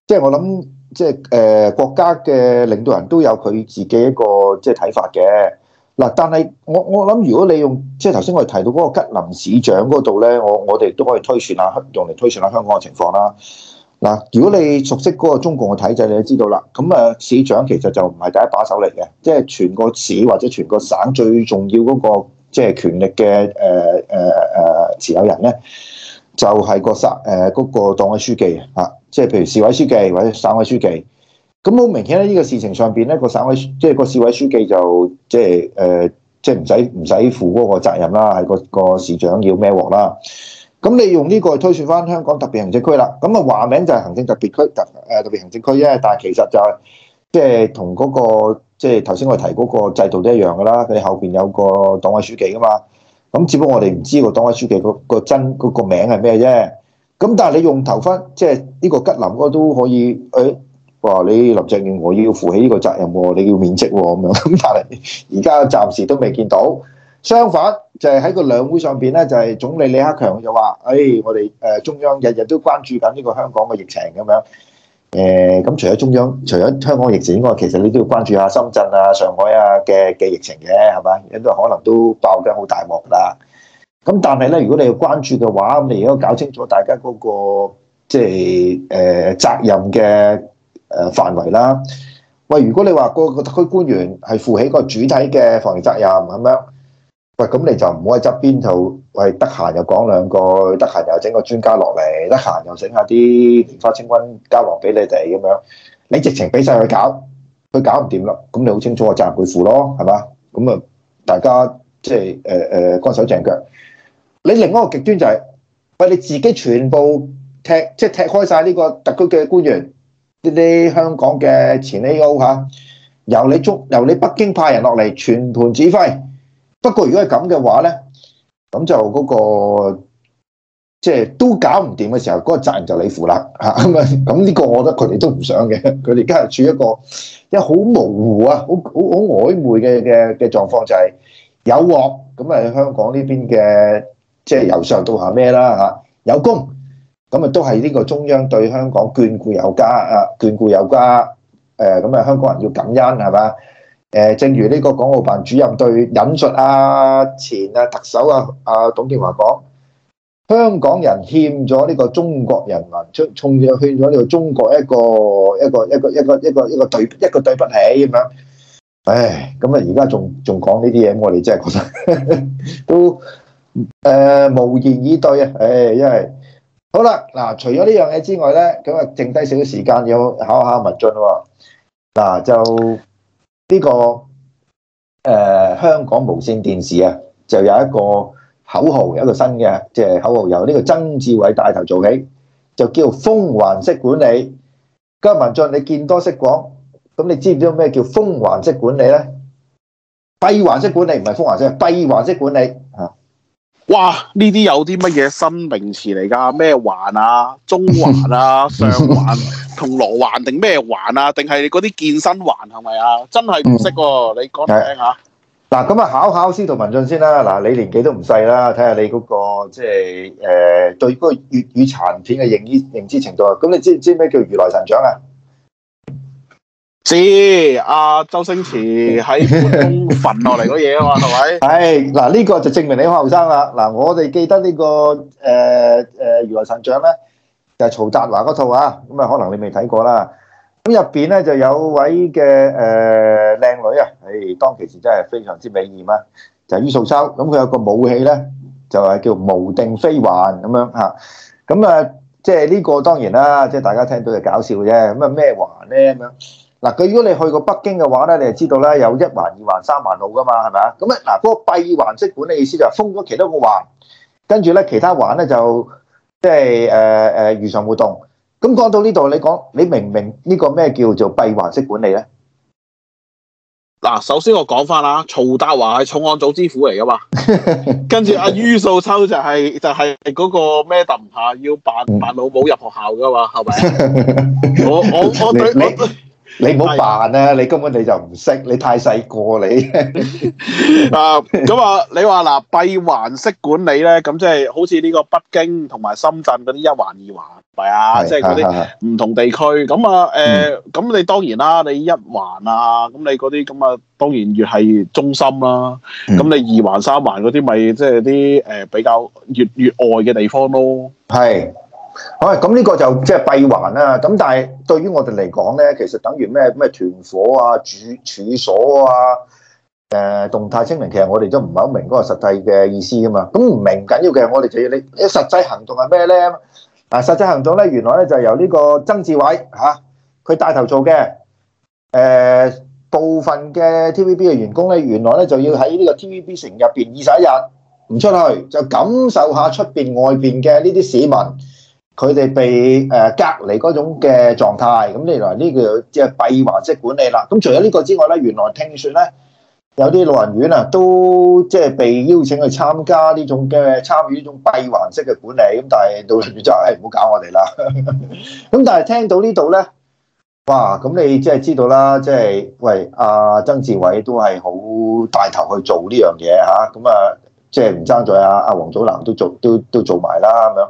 即係我諗，即係誒、呃、國家嘅領導人都有佢自己一個即係睇法嘅。嗱，但係我我諗，如果你用即係頭先我哋提到嗰個吉林市長嗰度咧，我我哋都可以推算下，用嚟推算下香港嘅情況啦。嗱，如果你熟悉嗰個中共嘅體制，你就知道啦。咁啊，市長其實就唔係第一把手嚟嘅，即係全個市或者全個省最重要嗰個即係權力嘅誒誒誒持有人咧，就係個省誒嗰個黨委書記啊，即係譬如市委書記或者省委書記。咁好明顯咧，呢個事情上邊咧個省委即係個市委書記就即係誒，即係唔使唔使負嗰個責任啦。係個個市長要咩鑊啦？咁你用呢個推算翻香港特別行政區啦。咁啊，話名就係行政特別區特誒特別行政區啫。但係其實就係即係同嗰個即係頭先我提嗰個制度都一樣噶啦。佢後邊有個黨委書記噶嘛。咁只不過我哋唔知個黨委書記、個真、個名係咩啫。咁但係你用頭翻即係呢個吉林嗰都可以誒。哎哇！你林鄭月娥要負起呢個責任喎，你要免職喎咁樣。咁但係而家暫時都未見到。相反就係喺個兩會上邊咧，就係總理李克強就話，誒，我哋誒中央日日都關注緊呢個香港嘅疫情咁樣。誒，咁除咗中央，除咗香港疫情以外，其實你都要關注下深圳啊、上海啊嘅嘅疫情嘅，係咪？因為都可能都爆緊好大鑊啦。咁但係咧，如果你要關注嘅話，咁你如果搞清楚大家嗰個即係誒責任嘅。誒範圍啦，喂！如果你話個個特區官員係負起個主體嘅防疫責任咁樣，喂，咁你就唔好去側邊度，喂，得閒又講兩句，得閒又整個專家落嚟，得閒又整下啲蓮花清瘟膠囊俾你哋咁樣，你直情俾晒佢搞，佢搞唔掂啦。咁你好清楚我責任佢負咯，係嘛？咁啊，大家即係誒誒乾手淨腳。你另一個極端就係、是、喂你自己全部踢即係、就是、踢開晒呢個特區嘅官員。呢啲香港嘅前 A.O. 吓由你中由你北京派人落嚟全盤指揮。不過如果係咁嘅話咧，咁就嗰、那個即係、就是、都搞唔掂嘅時候，嗰、那個責任就你負啦嚇。咁啊，咁呢個我覺得佢哋都唔想嘅。佢哋而家處一個一好、就是、模糊啊，好好好曖昧嘅嘅嘅狀況就就，就係有鑊咁啊，香港呢邊嘅即係由上到下咩啦嚇，有功。咁啊，都係呢個中央對香港眷顧有加啊，眷顧有加。誒，咁啊，香港人要感恩係嘛？誒，正如呢個港澳辦主任對引述阿前啊特首啊啊董建華講，香港人欠咗呢個中國人民，充充咗欠咗呢個中國一個一個一個一個一個一個對一個對不起咁樣。唉，咁啊，而家仲仲講呢啲嘢，我哋真係覺得都誒無言以對啊！唉，因為。好啦，嗱，除咗呢樣嘢之外咧，咁啊，剩低少少時間要考下文進喎。嗱，就呢、這個誒、呃，香港無線電視啊，就有一個口號，一個新嘅即係口號，由呢個曾志偉帶頭做起，就叫風環式管理。今日文進，你見多識廣，咁你知唔知道咩叫風環式管理咧？閉環式管理唔係風環式，閉環式管理。哇！呢啲有啲乜嘢新名詞嚟㗎？咩環啊、中環啊、 上環銅鑼環、定咩環啊？定係嗰啲健身環係咪啊？真係唔識喎！嗯、你講嚟聽下。嗱，咁啊考考司徒文進先啦。嗱，你年紀都唔細啦，睇下你嗰、嗰個即係誒對嗰個粵語殘片嘅認知認知程度啊。咁你知唔知咩叫如來神掌啊？知，阿周星馳喺半公墳落嚟個嘢啊嘛，係咪？係。嗱，呢個就證明你好後生啦。嗱，我哋記得呢、這個誒誒、呃呃《如來神掌》咧，就係、是、曹達華嗰套啊。咁啊，可能你未睇過啦。咁入邊咧就有位嘅誒靚女啊，誒當其時真係非常之美豔啊。就係于素秋，咁佢有個武器咧，就係叫無定飛環咁樣吓，咁啊，即係呢個當然啦，即係大家聽到就搞笑啫。咁啊咩環咧咁樣？嗱，佢如果你去過北京嘅話咧，你就知道咧有一環、二環、三環路噶嘛，係咪啊？咁咧嗱，嗰個閉環式管理意思就係封咗其他個環，跟住咧其他環咧就即係誒誒，如常活動。咁講到呢度，你講你明唔明呢個咩叫做閉環式管理咧？嗱，首先我講翻啦，曹達華係重案組之父嚟噶嘛，跟住阿、啊、于素秋就係、是、就係、是、嗰個咩鄧下要扮扮老母入學校噶嘛，係咪？ 我我我對我你唔好扮啦！嗯、你根本你就唔識，你太細個你、 啊。嗱咁啊，你話嗱閉環式管理咧，咁即係好似呢個北京同埋深圳嗰啲一環、二環，係啊是，即係啲唔同地區。咁啊，誒咁、嗯、你當然啦，你一環啊，咁你嗰啲咁啊，當然越係中心啦、啊。咁、嗯、你二環三環嗰啲，咪即係啲誒比較越越外嘅地方囉。係。喂，咁呢、嗯、個就即係閉環啦、啊。咁但係對於我哋嚟講咧，其實等於咩咩團伙啊、住住所啊、誒、呃、動態清零，其實我哋都唔係好明嗰個實際嘅意思噶嘛。咁、嗯、唔明緊要嘅，我哋就要你實際行動係咩咧？啊，實際行動咧，原來咧就係、是、由呢個曾志偉嚇佢、啊、帶頭做嘅。誒、呃、部分嘅 T V B 嘅員工咧，原來咧就要喺呢個 T V B 城入邊二十一日唔出去，就感受下出邊外邊嘅呢啲市民。佢哋被誒隔離嗰種嘅狀態，咁你原來呢個即係閉環式管理啦。咁除咗呢個之外咧，原來聽説咧有啲老人院啊，都即係被邀請去參加呢種嘅參與呢種閉環式嘅管理。咁但係到時就誒唔好搞我哋啦。咁 但係聽到呢度咧，哇！咁你即係知道啦，即係喂阿曾志偉都係好帶頭去做呢樣嘢吓。咁啊，即係唔爭在阿阿黃祖藍都做都都做埋啦咁樣。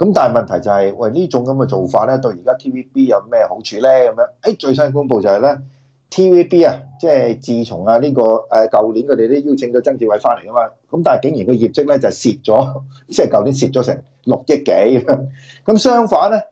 咁但係問題就係，喂呢種咁嘅做法咧，對而家 TVB 有咩好處咧？咁樣，誒最新公佈就係咧，TVB 啊，即係自從啊呢個誒舊年佢哋都邀請咗曾志偉翻嚟啊嘛，咁但係竟然個業績咧就蝕咗，即係舊年蝕咗成六億幾。咁相反咧，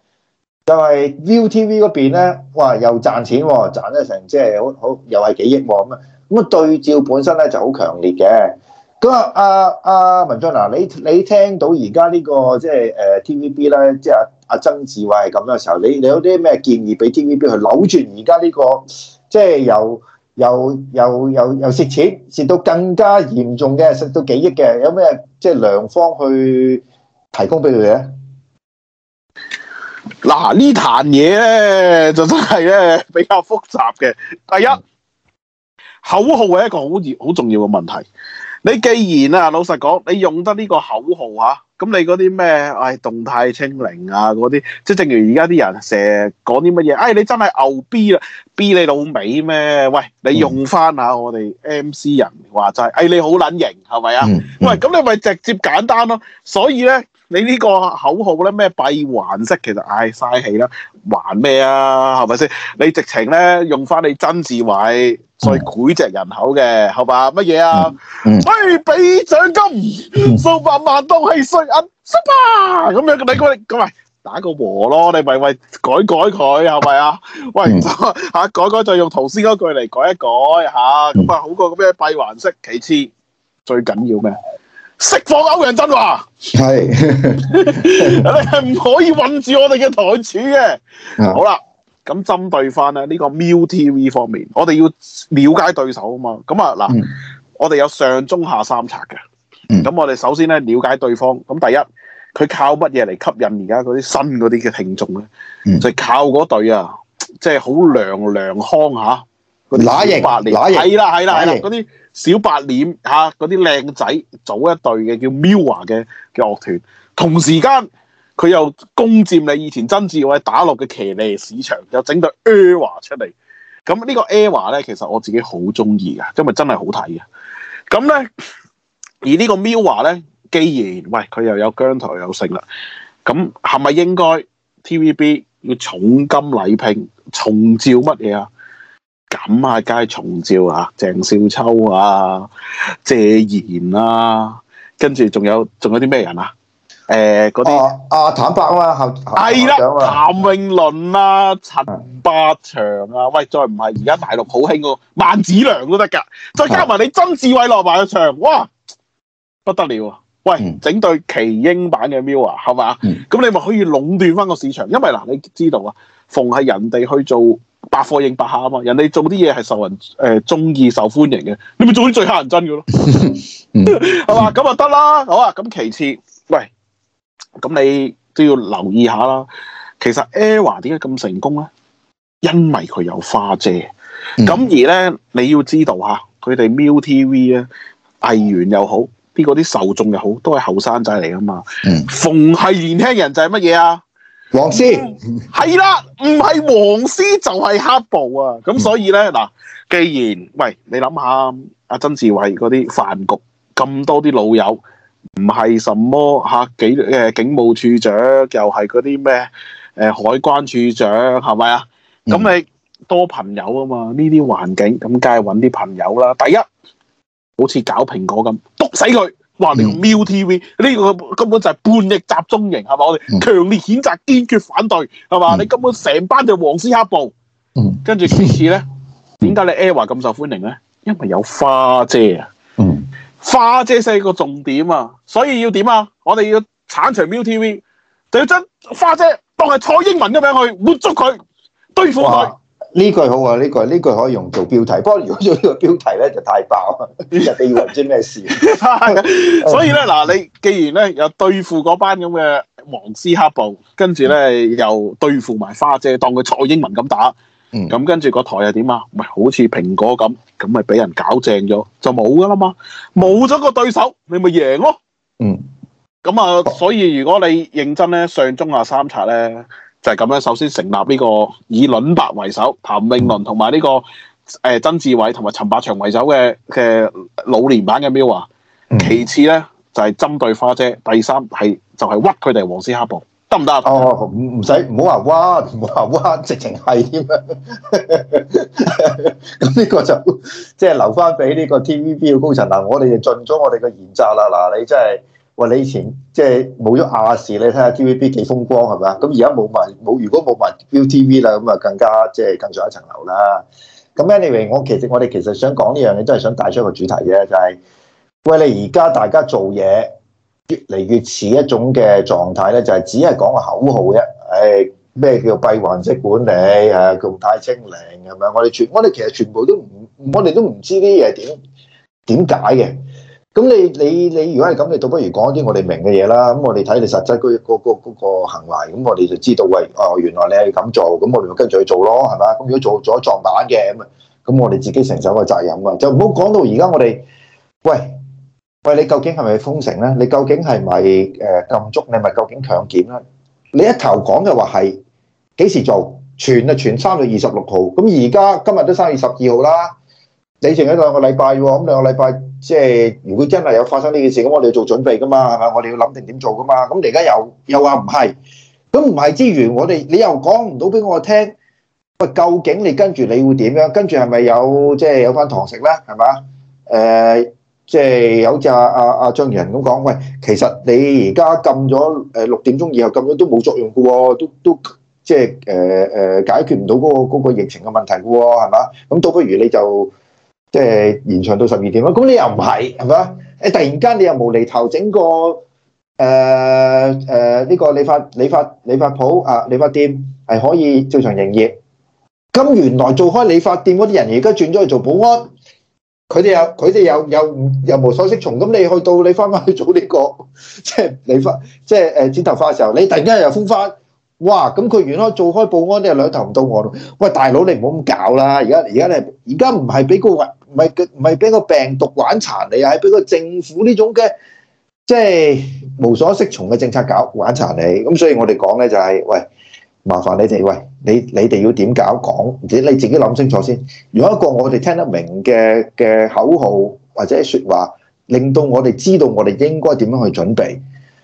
就係 ViuTV 嗰邊咧，哇又賺錢喎，賺咗成即係好好，又係幾億喎咁啊。咁啊對照本身咧就好強烈嘅。咁啊，阿、啊、阿文進嗱，你你聽到而家呢個即係誒 TVB 咧，即係阿阿曾志偉係咁嘅時候，你你有啲咩建議俾 TVB 去扭住而家呢個即係又又又又又蝕錢，蝕到更加嚴重嘅，蝕到幾億嘅，有咩即係良方去提供俾佢哋咧？嗱、啊，壇呢壇嘢咧就真係咧比較複雜嘅。第一口號係一個好熱好重要嘅問題。你既然啊，老實講，你用得呢個口號啊，咁你嗰啲咩，唉、哎，動態清零啊，嗰啲，即係正如而家啲人成日講啲乜嘢，唉、哎，你真係牛逼啦，逼你老尾咩？喂，你用翻下我哋 MC 人話齋，唉、哎，你好撚型，係咪啊？嗯嗯、喂，咁你咪直接簡單咯、啊，所以咧。你呢個口號咧，咩閉環式其實嗌嘥氣啦，還咩啊，係咪先？你直情咧用翻你曾志偉最膾炙人口嘅，係嘛？乜嘢啊？喂、嗯，俾獎金數百萬都係稅銀 s t o 啊！咁樣咁你我你唔係打個和咯？你咪咪改改佢，係咪啊？喂，嚇 改改再用陶斯嗰句嚟改一改吓，咁啊好過個咩閉環式。其次最緊要咩？釋放歐陽震華，係你係唔可以韞住我哋嘅台柱嘅。好啦，咁針對翻咧呢個 MuTV 方面，我哋要了解對手啊嘛。咁啊嗱，我哋有上中下三策嘅。咁我哋首先咧了解對方。咁第一，佢靠乜嘢嚟吸引而家嗰啲新嗰啲嘅聽眾咧？就係靠嗰隊啊，即係好娘娘腔嚇嗰啲八零，係啦係啦係啦啲。小白臉嚇嗰啲靚仔組一隊嘅叫 MUA 嘅嘅樂團，同時間佢又攻佔你以前曾志偉打落嘅騎呢市場，又整對 A 華出嚟。咁、嗯這個 ER、呢個 A 華咧，其實我自己好中意嘅，因為真係好睇啊！咁、嗯、咧，而個呢個 MUA 咧，既然喂佢又有姜台有勝啦，咁係咪應該 TVB 要重金嚟聘重照乜嘢啊？咁啊，梗係重照啊，鄭少秋啊，謝賢啦、啊，跟住仲有仲有啲咩人啊？誒、欸，嗰啲阿坦白啊嘛，係啦，譚詠的、啊啊、麟啦、啊，陳百祥啊，喂，再唔係而家大陸好興個萬梓良都得噶，再加埋你曾志偉落埋個場，哇，不得了、啊！喂，整對奇英版嘅 Mirror 啊，係嘛、嗯？咁你咪可以壟斷翻個市場，因為嗱，你知道啊，逢係人哋去做。百貨應百客啊嘛，人哋做啲嘢係受人誒中意、呃、受歡迎嘅，你咪做啲最嚇人真嘅咯，係嘛？ 咁啊得啦，好啊。咁其次，喂，咁你都要留意下啦。其實 Air 華點解咁成功咧？因為佢有花姐。咁、嗯、而咧，你要知道嚇，佢哋 m u t V 咧，藝員又好，啲嗰啲受眾又好，都係後生仔嚟啊嘛。逢係年輕人，嗯、輕人就係乜嘢啊？黃絲係啦，唔係黃絲就係黑暴啊！咁所以咧嗱，既然喂你諗下阿曾志偉嗰啲飯局咁多啲老友，唔係什麼吓幾誒警務處長，又係嗰啲咩誒海關處長，係咪啊？咁、嗯、你多朋友啊嘛，呢啲環境咁，梗係揾啲朋友啦。第一，好似搞蘋果咁，篤死佢。話你用 MiuTV 呢個根本就係叛逆集中營，係嘛？我哋強烈譴責，堅決反對係嘛？嗯、你根本成班就黃絲黑暴，嗯，跟住其次咧，點解、嗯、你 Air、e、咁受歡迎咧？因為有花姐啊，嗯，花姐係個重點啊，所以要點啊？我哋要鏟除 MiuTV，就要將花姐當係蔡英文咁樣去活捉佢，對付佢。呢句好啊，呢句呢句可以用做標題，不過如果用呢個標題咧就太爆啊！人哋以為唔知咩事， 所以咧呢嗱，你、嗯、既然咧又對付嗰班咁嘅黃絲黑暴，跟住咧又對付埋花姐，當佢蔡英文咁打，咁、嗯、跟住個台又點啊？咪好似蘋果咁，咁咪俾人搞正咗就冇噶啦嘛，冇咗個對手你咪贏咯。嗯，咁啊，所以如果你認真咧上中下三策咧。就係咁樣，首先成立呢個以倫伯為首，譚詠麟同埋呢個誒曾志偉同埋陳百祥為首嘅嘅老年版嘅、嗯《Mirror》啊。其次咧就係、是、針對花姐，第三係就係屈佢哋黃絲黑暴得唔得？行行啊、哦，唔唔使唔好話屈唔好話屈，直情係添啊！咁呢 個就即係、就是、留翻俾呢個 TVB 嘅高層嗱，我哋就盡咗我哋嘅言責啦。嗱，你真係。喂，你以前即係冇咗亞視，你睇下 TVB 幾風光係咪？咁而家冇埋冇，如果冇埋 ViuTV 啦，咁啊更加即係、就是、更上一層樓啦。咁 anyway，我其實我哋其實想講呢樣嘢，真係想帶出一個主題嘅，就係、是、喂你而家大家做嘢越嚟越似一種嘅狀態咧，就係、是、只係講個口號啫。唉、哎，咩叫閉環式管理啊？共太清零係咪？我哋全我哋其實全部都唔，我哋都唔知呢啲嘢點點解嘅。咁你你你如果係咁，你倒不如講一啲我哋明嘅嘢啦。咁我哋睇你實際個個個嗰個行為，咁我哋就知道喂，哦，原來你係咁做，咁我哋咪跟住去做咯，係咪？咁如果做咗撞板嘅，咁啊，咁我哋自己承受個責任啊。就唔好講到而家，我哋喂喂，你究竟係咪封城咧？你究竟係咪誒禁足？你咪究竟強檢咧？你一頭講嘅話係幾時做？傳啊傳，三月二十六號。咁而家今日都三月十二號啦，你淨係兩個禮拜喎，咁兩個禮拜。即係，如果真係有發生呢件事，咁我哋要做準備噶嘛，係咪？我哋要諗定點做噶嘛？咁你而家又又話唔係，咁唔係之餘，我哋你又講唔到俾我聽。喂，究竟你跟住你會點樣？跟住係咪有即係有翻堂食咧？係嘛？誒、呃，即係有隻阿阿張怡咁講。喂，其實你而家禁咗誒六點鐘以後禁咗都冇作用嘅喎、哦，都都即係誒誒解決唔到嗰個嗰個疫情嘅問題嘅喎、哦，係嘛？咁倒不如你就，即係延長到十二點啊！咁你又唔係係咪啊？誒，突然間你又無厘頭整個誒誒呢個理髮理髮理髮鋪啊理髮店係可以照常營業。咁原來做開理髮店嗰啲人而家轉咗去做保安，佢哋又佢哋又又又無所適從。咁你去到你翻翻去做呢個，即係理髮，即係誒剪頭髮嘅時候，你突然間又呼翻，哇！咁佢原來做開保安都係兩頭唔到岸。喂，大佬你唔好咁搞啦！而家而家你而家唔係俾高壓。唔係嘅，唔係俾個病毒玩殘你啊，係俾個政府呢種嘅即係無所適從嘅政策搞玩殘你。咁所以我哋講咧就係，喂，麻煩你哋，喂，你你哋要點搞講，你你自己諗清楚先。如果一個我哋聽得明嘅嘅口號或者説話，令到我哋知道我哋應該點樣去準備。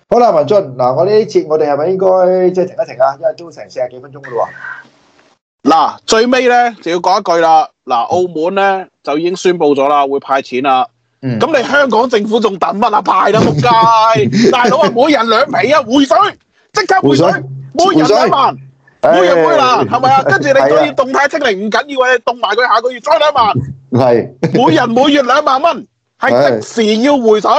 好啦，文進，嗱，我呢次我哋係咪應該即係停一停啊？因為都成四十幾分鐘噶啦喎。嗱，最尾咧就要講一句啦。嗱，澳門咧就已經宣布咗啦，會派錢啦。嗯，咁你香港政府仲等乜啊？派啦，仆街！大佬啊，每人兩皮啊，回水即刻回水，每人兩萬，每日回啦，係咪啊？跟住你再要動態清零，唔緊要啊，你動埋佢，下個月再兩萬。係，每人每月兩萬蚊，係即時要回水，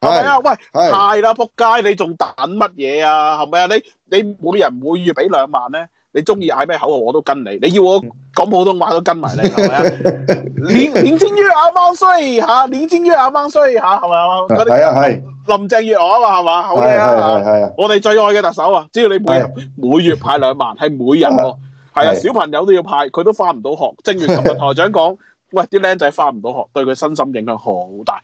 係咪啊？喂，派啦，仆街，你仲等乜嘢啊？係咪啊？你你每人每月俾兩萬咧？你中意嗌咩口號，我都跟你。你要我講普通話都跟埋你，係咪啊？年年青於阿媽衰嚇，年青於阿媽衰嚇，係咪 啊？係啊係。林鄭月娥啊嘛，係嘛？好嘢啊！啊啊我哋最愛嘅特首啊，只要你每日、啊、每月派兩萬，係每人喎。啊，啊，啊，小朋友都要派，佢都翻唔到學。正如琴日台長講，喂，啲僆仔翻唔到學，對佢身心影響好大。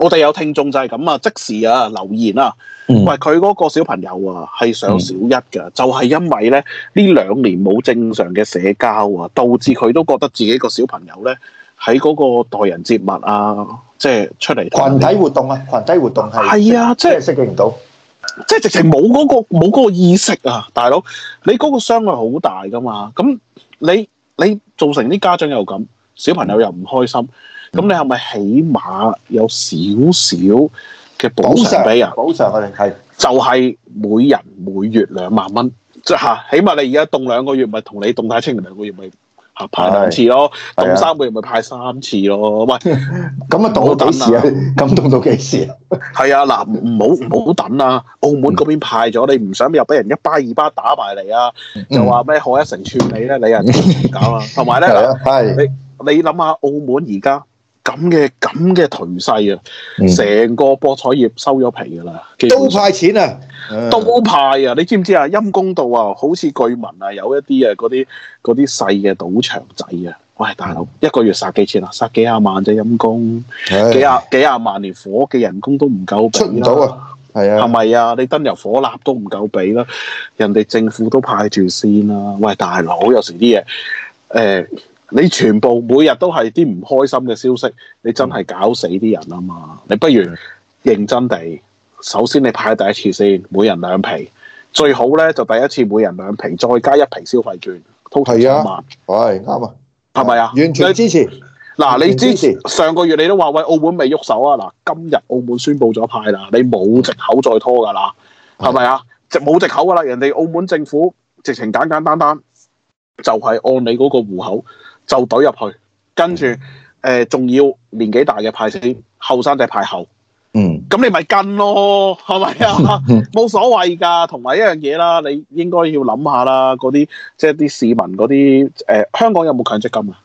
我哋有聽眾就係咁啊，即時啊留言啊！唔係佢嗰個小朋友啊，係上小一㗎，嗯、就係因為咧呢兩年冇正常嘅社交啊，導致佢都覺得自己個小朋友咧喺嗰個待人接物啊，即係出嚟群體活動啊，群體活動係係啊，即係適應唔到，即係、就是就是、直情冇嗰個冇嗰個意識啊，大佬，你嗰個傷害好大㗎嘛？咁你你造成啲家長又咁，小朋友又唔開心，咁、嗯、你係咪起碼有少少嘅補償俾人，補償我哋係就係每人每月兩萬蚊，即係嚇，起碼你而家凍兩個月，咪同你動態清零兩個月咪合派兩次咯，凍三個月咪派三次咯，喂，咁啊凍到幾時啊？咁凍到幾時啊？係啊，嗱，唔好唔好等啦，澳門嗰邊派咗，你唔想又俾人一巴二巴打埋嚟啊，又話咩可一成串你咧，你啊點搞啊？同埋咧，係你你諗下澳門而家。咁嘅咁嘅頹勢啊，成、嗯、個博彩業收咗皮噶啦，都派錢啊，都、嗯、派啊，你知唔知啊？陰公度啊，好似據聞啊，有一啲啊，嗰啲嗰啲細嘅賭場仔啊，喂大佬，一個月殺幾錢啊？殺幾十萬啊萬啫，陰公幾廿幾廿萬，連伙嘅人工都唔夠俾，出唔到啊，係啊，係咪啊？你燈油火蠟都唔夠俾啦，人哋政府都派住先啦、啊，喂大佬，有時啲嘢，誒、呃。呃呃呃呃你全部每日都係啲唔開心嘅消息，你真係搞死啲人啊嘛！你不如認真地，首先你派第一次先，每人兩皮，最好咧就第一次每人兩皮，再加一皮消費券，total 三萬，係啱、哎、啊，係咪啊？完全支持。嗱你，你支持你上個月你都話喂，澳門未喐手啊，嗱，今日澳門宣布咗派啦，你冇藉口再拖㗎啦，係咪啊？就冇、啊、藉口㗎啦，人哋澳門政府直情簡簡單單,單,單就係按你嗰個戶口。就隊入去，跟住誒，仲、呃、要年紀大嘅排先，後生就排後。嗯，咁你咪跟咯，係咪啊？冇 所謂㗎。同埋一樣嘢啦，你應該要諗下啦。嗰啲即係啲市民嗰啲誒，香港有冇強,、啊、強積金啊？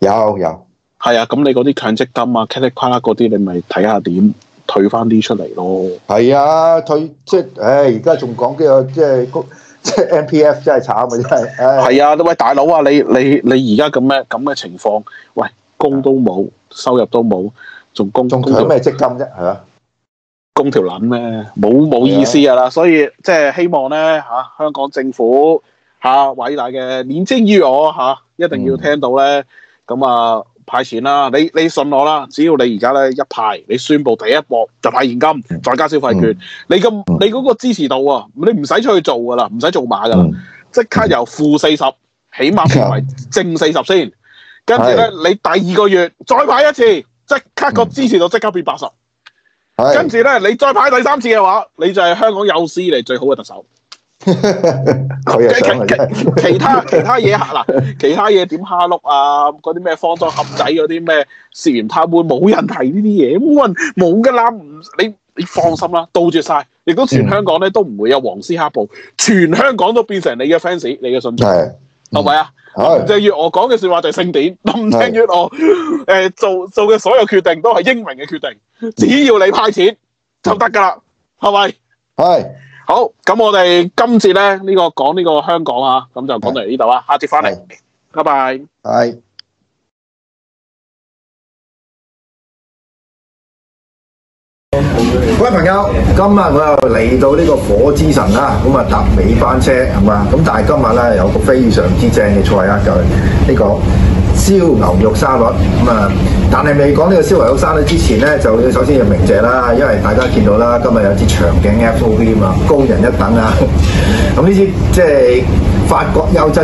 有有，係啊。咁你嗰啲強積金啊 c a t 啦嗰啲，你咪睇下點退翻啲出嚟咯。係啊，退即係，誒而家仲講嘅，即係。即哎 M P F 真係慘啊，真係係、哎、啊！喂，大佬啊，你你你而家咁嘅咁咩情況？喂，工都冇，收入都冇，仲供仲有咩積金啫？係啊，供條捻咩？冇冇意思噶啦！啊、所以即係希望咧吓、啊，香港政府吓偉大嘅免之於我吓、啊，一定要聽到咧咁啊！嗯嗯派錢啦、啊！你你信我啦！只要你而家咧一派，你宣布第一波就派現金，再加消費券，嗯、你咁你嗰個支持度啊，你唔使出去做噶啦，唔使做馬噶啦，即刻由負四十起碼變為正四十先。跟住咧，是你第二個月再派一次，即刻個支持度即刻變八十是。跟住咧，你再派第三次嘅話，你就係香港有史以嚟最好嘅特首。佢啊！其他其他嘢吓嗱，其他嘢點蝦碌啊？嗰啲咩方桌盒仔嗰啲咩？食鹽攤會冇人提呢啲嘢冇人，冇噶啦，你你放心啦，杜絕晒，亦都全香港咧都唔會有黃絲黑暴，全香港都變成你嘅 fans，你嘅信眾係，係咪啊？正要我講嘅說話就係聖典，林清月我誒做做嘅所有決定都係英明嘅決定，只要你派錢就得噶啦，係咪係？好，咁我哋今次咧呢個講呢個香港啊，咁就講到呢度啊，是的 下次翻嚟，是的 拜拜，係。各位朋友，今日我又嚟到呢個火之神啦，咁啊搭尾班車係嘛，咁但係今日咧有個非常之正嘅菜啊，就係呢個燒牛肉沙律，咁啊，但係未講呢個燒牛肉沙律之前咧，就首先要鳴謝啦，因為大家見到啦，今日有支長頸 FOV 啊嘛，高人一等啊，咁呢支即係。法國優質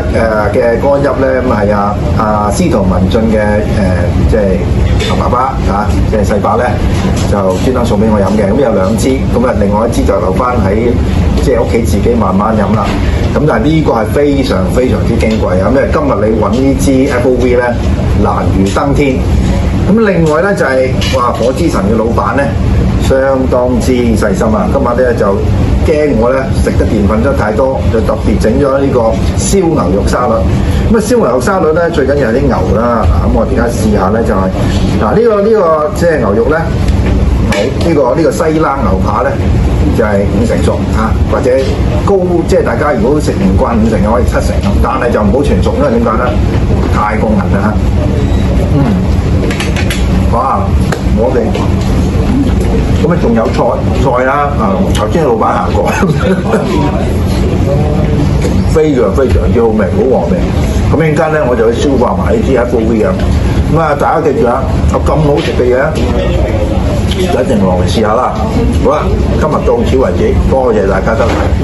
誒嘅乾邑咧，咁係啊啊司徒文進嘅誒，即係阿爸爸嚇、啊，即係細伯咧，就專登送俾我飲嘅。咁、嗯、有兩支，咁、嗯、啊另外一支就留翻喺即係屋企自己慢慢飲啦。咁、嗯、但係呢個係非常非常之矜貴啊！因、嗯、今日你揾呢支 F O V 咧難如登天。咁、嗯、另外咧就係、是、哇，火之神嘅老闆咧相當之細心啊！今日咧就。驚我咧食得澱粉質太多，就特別整咗呢個燒牛肉沙律。咁啊，燒牛肉沙律咧最緊要係啲牛啦，咁、啊啊、我點解試下咧就係嗱呢個呢、這個即係牛肉咧，好、這、呢個呢、這個西冷牛扒咧就係、是、五成熟啊，或者高即係、就是、大家如果食唔慣五成，可以七成，但係就唔好全熟，因為點解咧太過硬啦嚇。嗯，好啊。我哋咁啊，仲有菜菜啦，啊！頭先老闆行過，非常非常之好味，好和味。咁一陣間咧，我就去消化埋呢啲一煲嘅嘢。咁啊，大家記住啊，有咁好食嘅嘢，一定落嚟試下啦。好啦，今日到此為止，多謝大家收睇。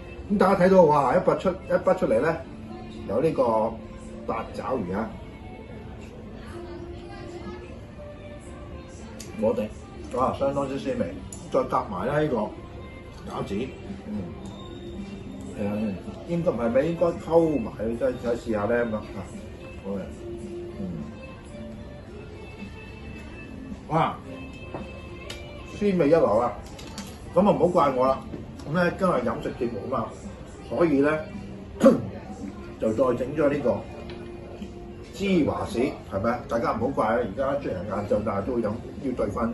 咁大家睇到哇，一筆出一筆出嚟咧，有呢個八爪魚啊，我哋哇，相當之鮮味，再夾埋咧呢個餃子，嗯，係啊，應該唔係咪應該溝埋，佢再試下咧咁樣，好啊，嗯，哇、啊，鮮味一流啊，咁啊唔好怪我啦。咁咧今日飲食節目啊嘛，所以咧 就再整咗呢個芝華士，係咪啊？大家唔好怪。啊！而家雖然晏晝，但係都會飲，要兌翻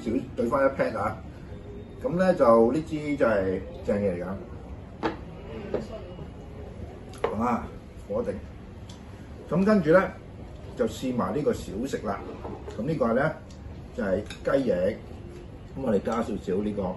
少，兌翻一 pack 啊！咁咧就呢支就係正嘢嚟㗎，咁嘛？火定。咁跟住咧就試埋呢個小食啦。咁呢個咧就係、係、雞翼，咁我哋加少少呢個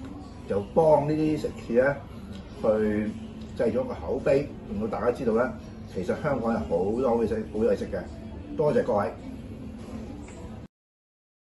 又幫呢啲食肆咧，去製咗個口碑，令到大家知道咧，其實香港有好多好嘢食好嘢食嘅。多謝各位。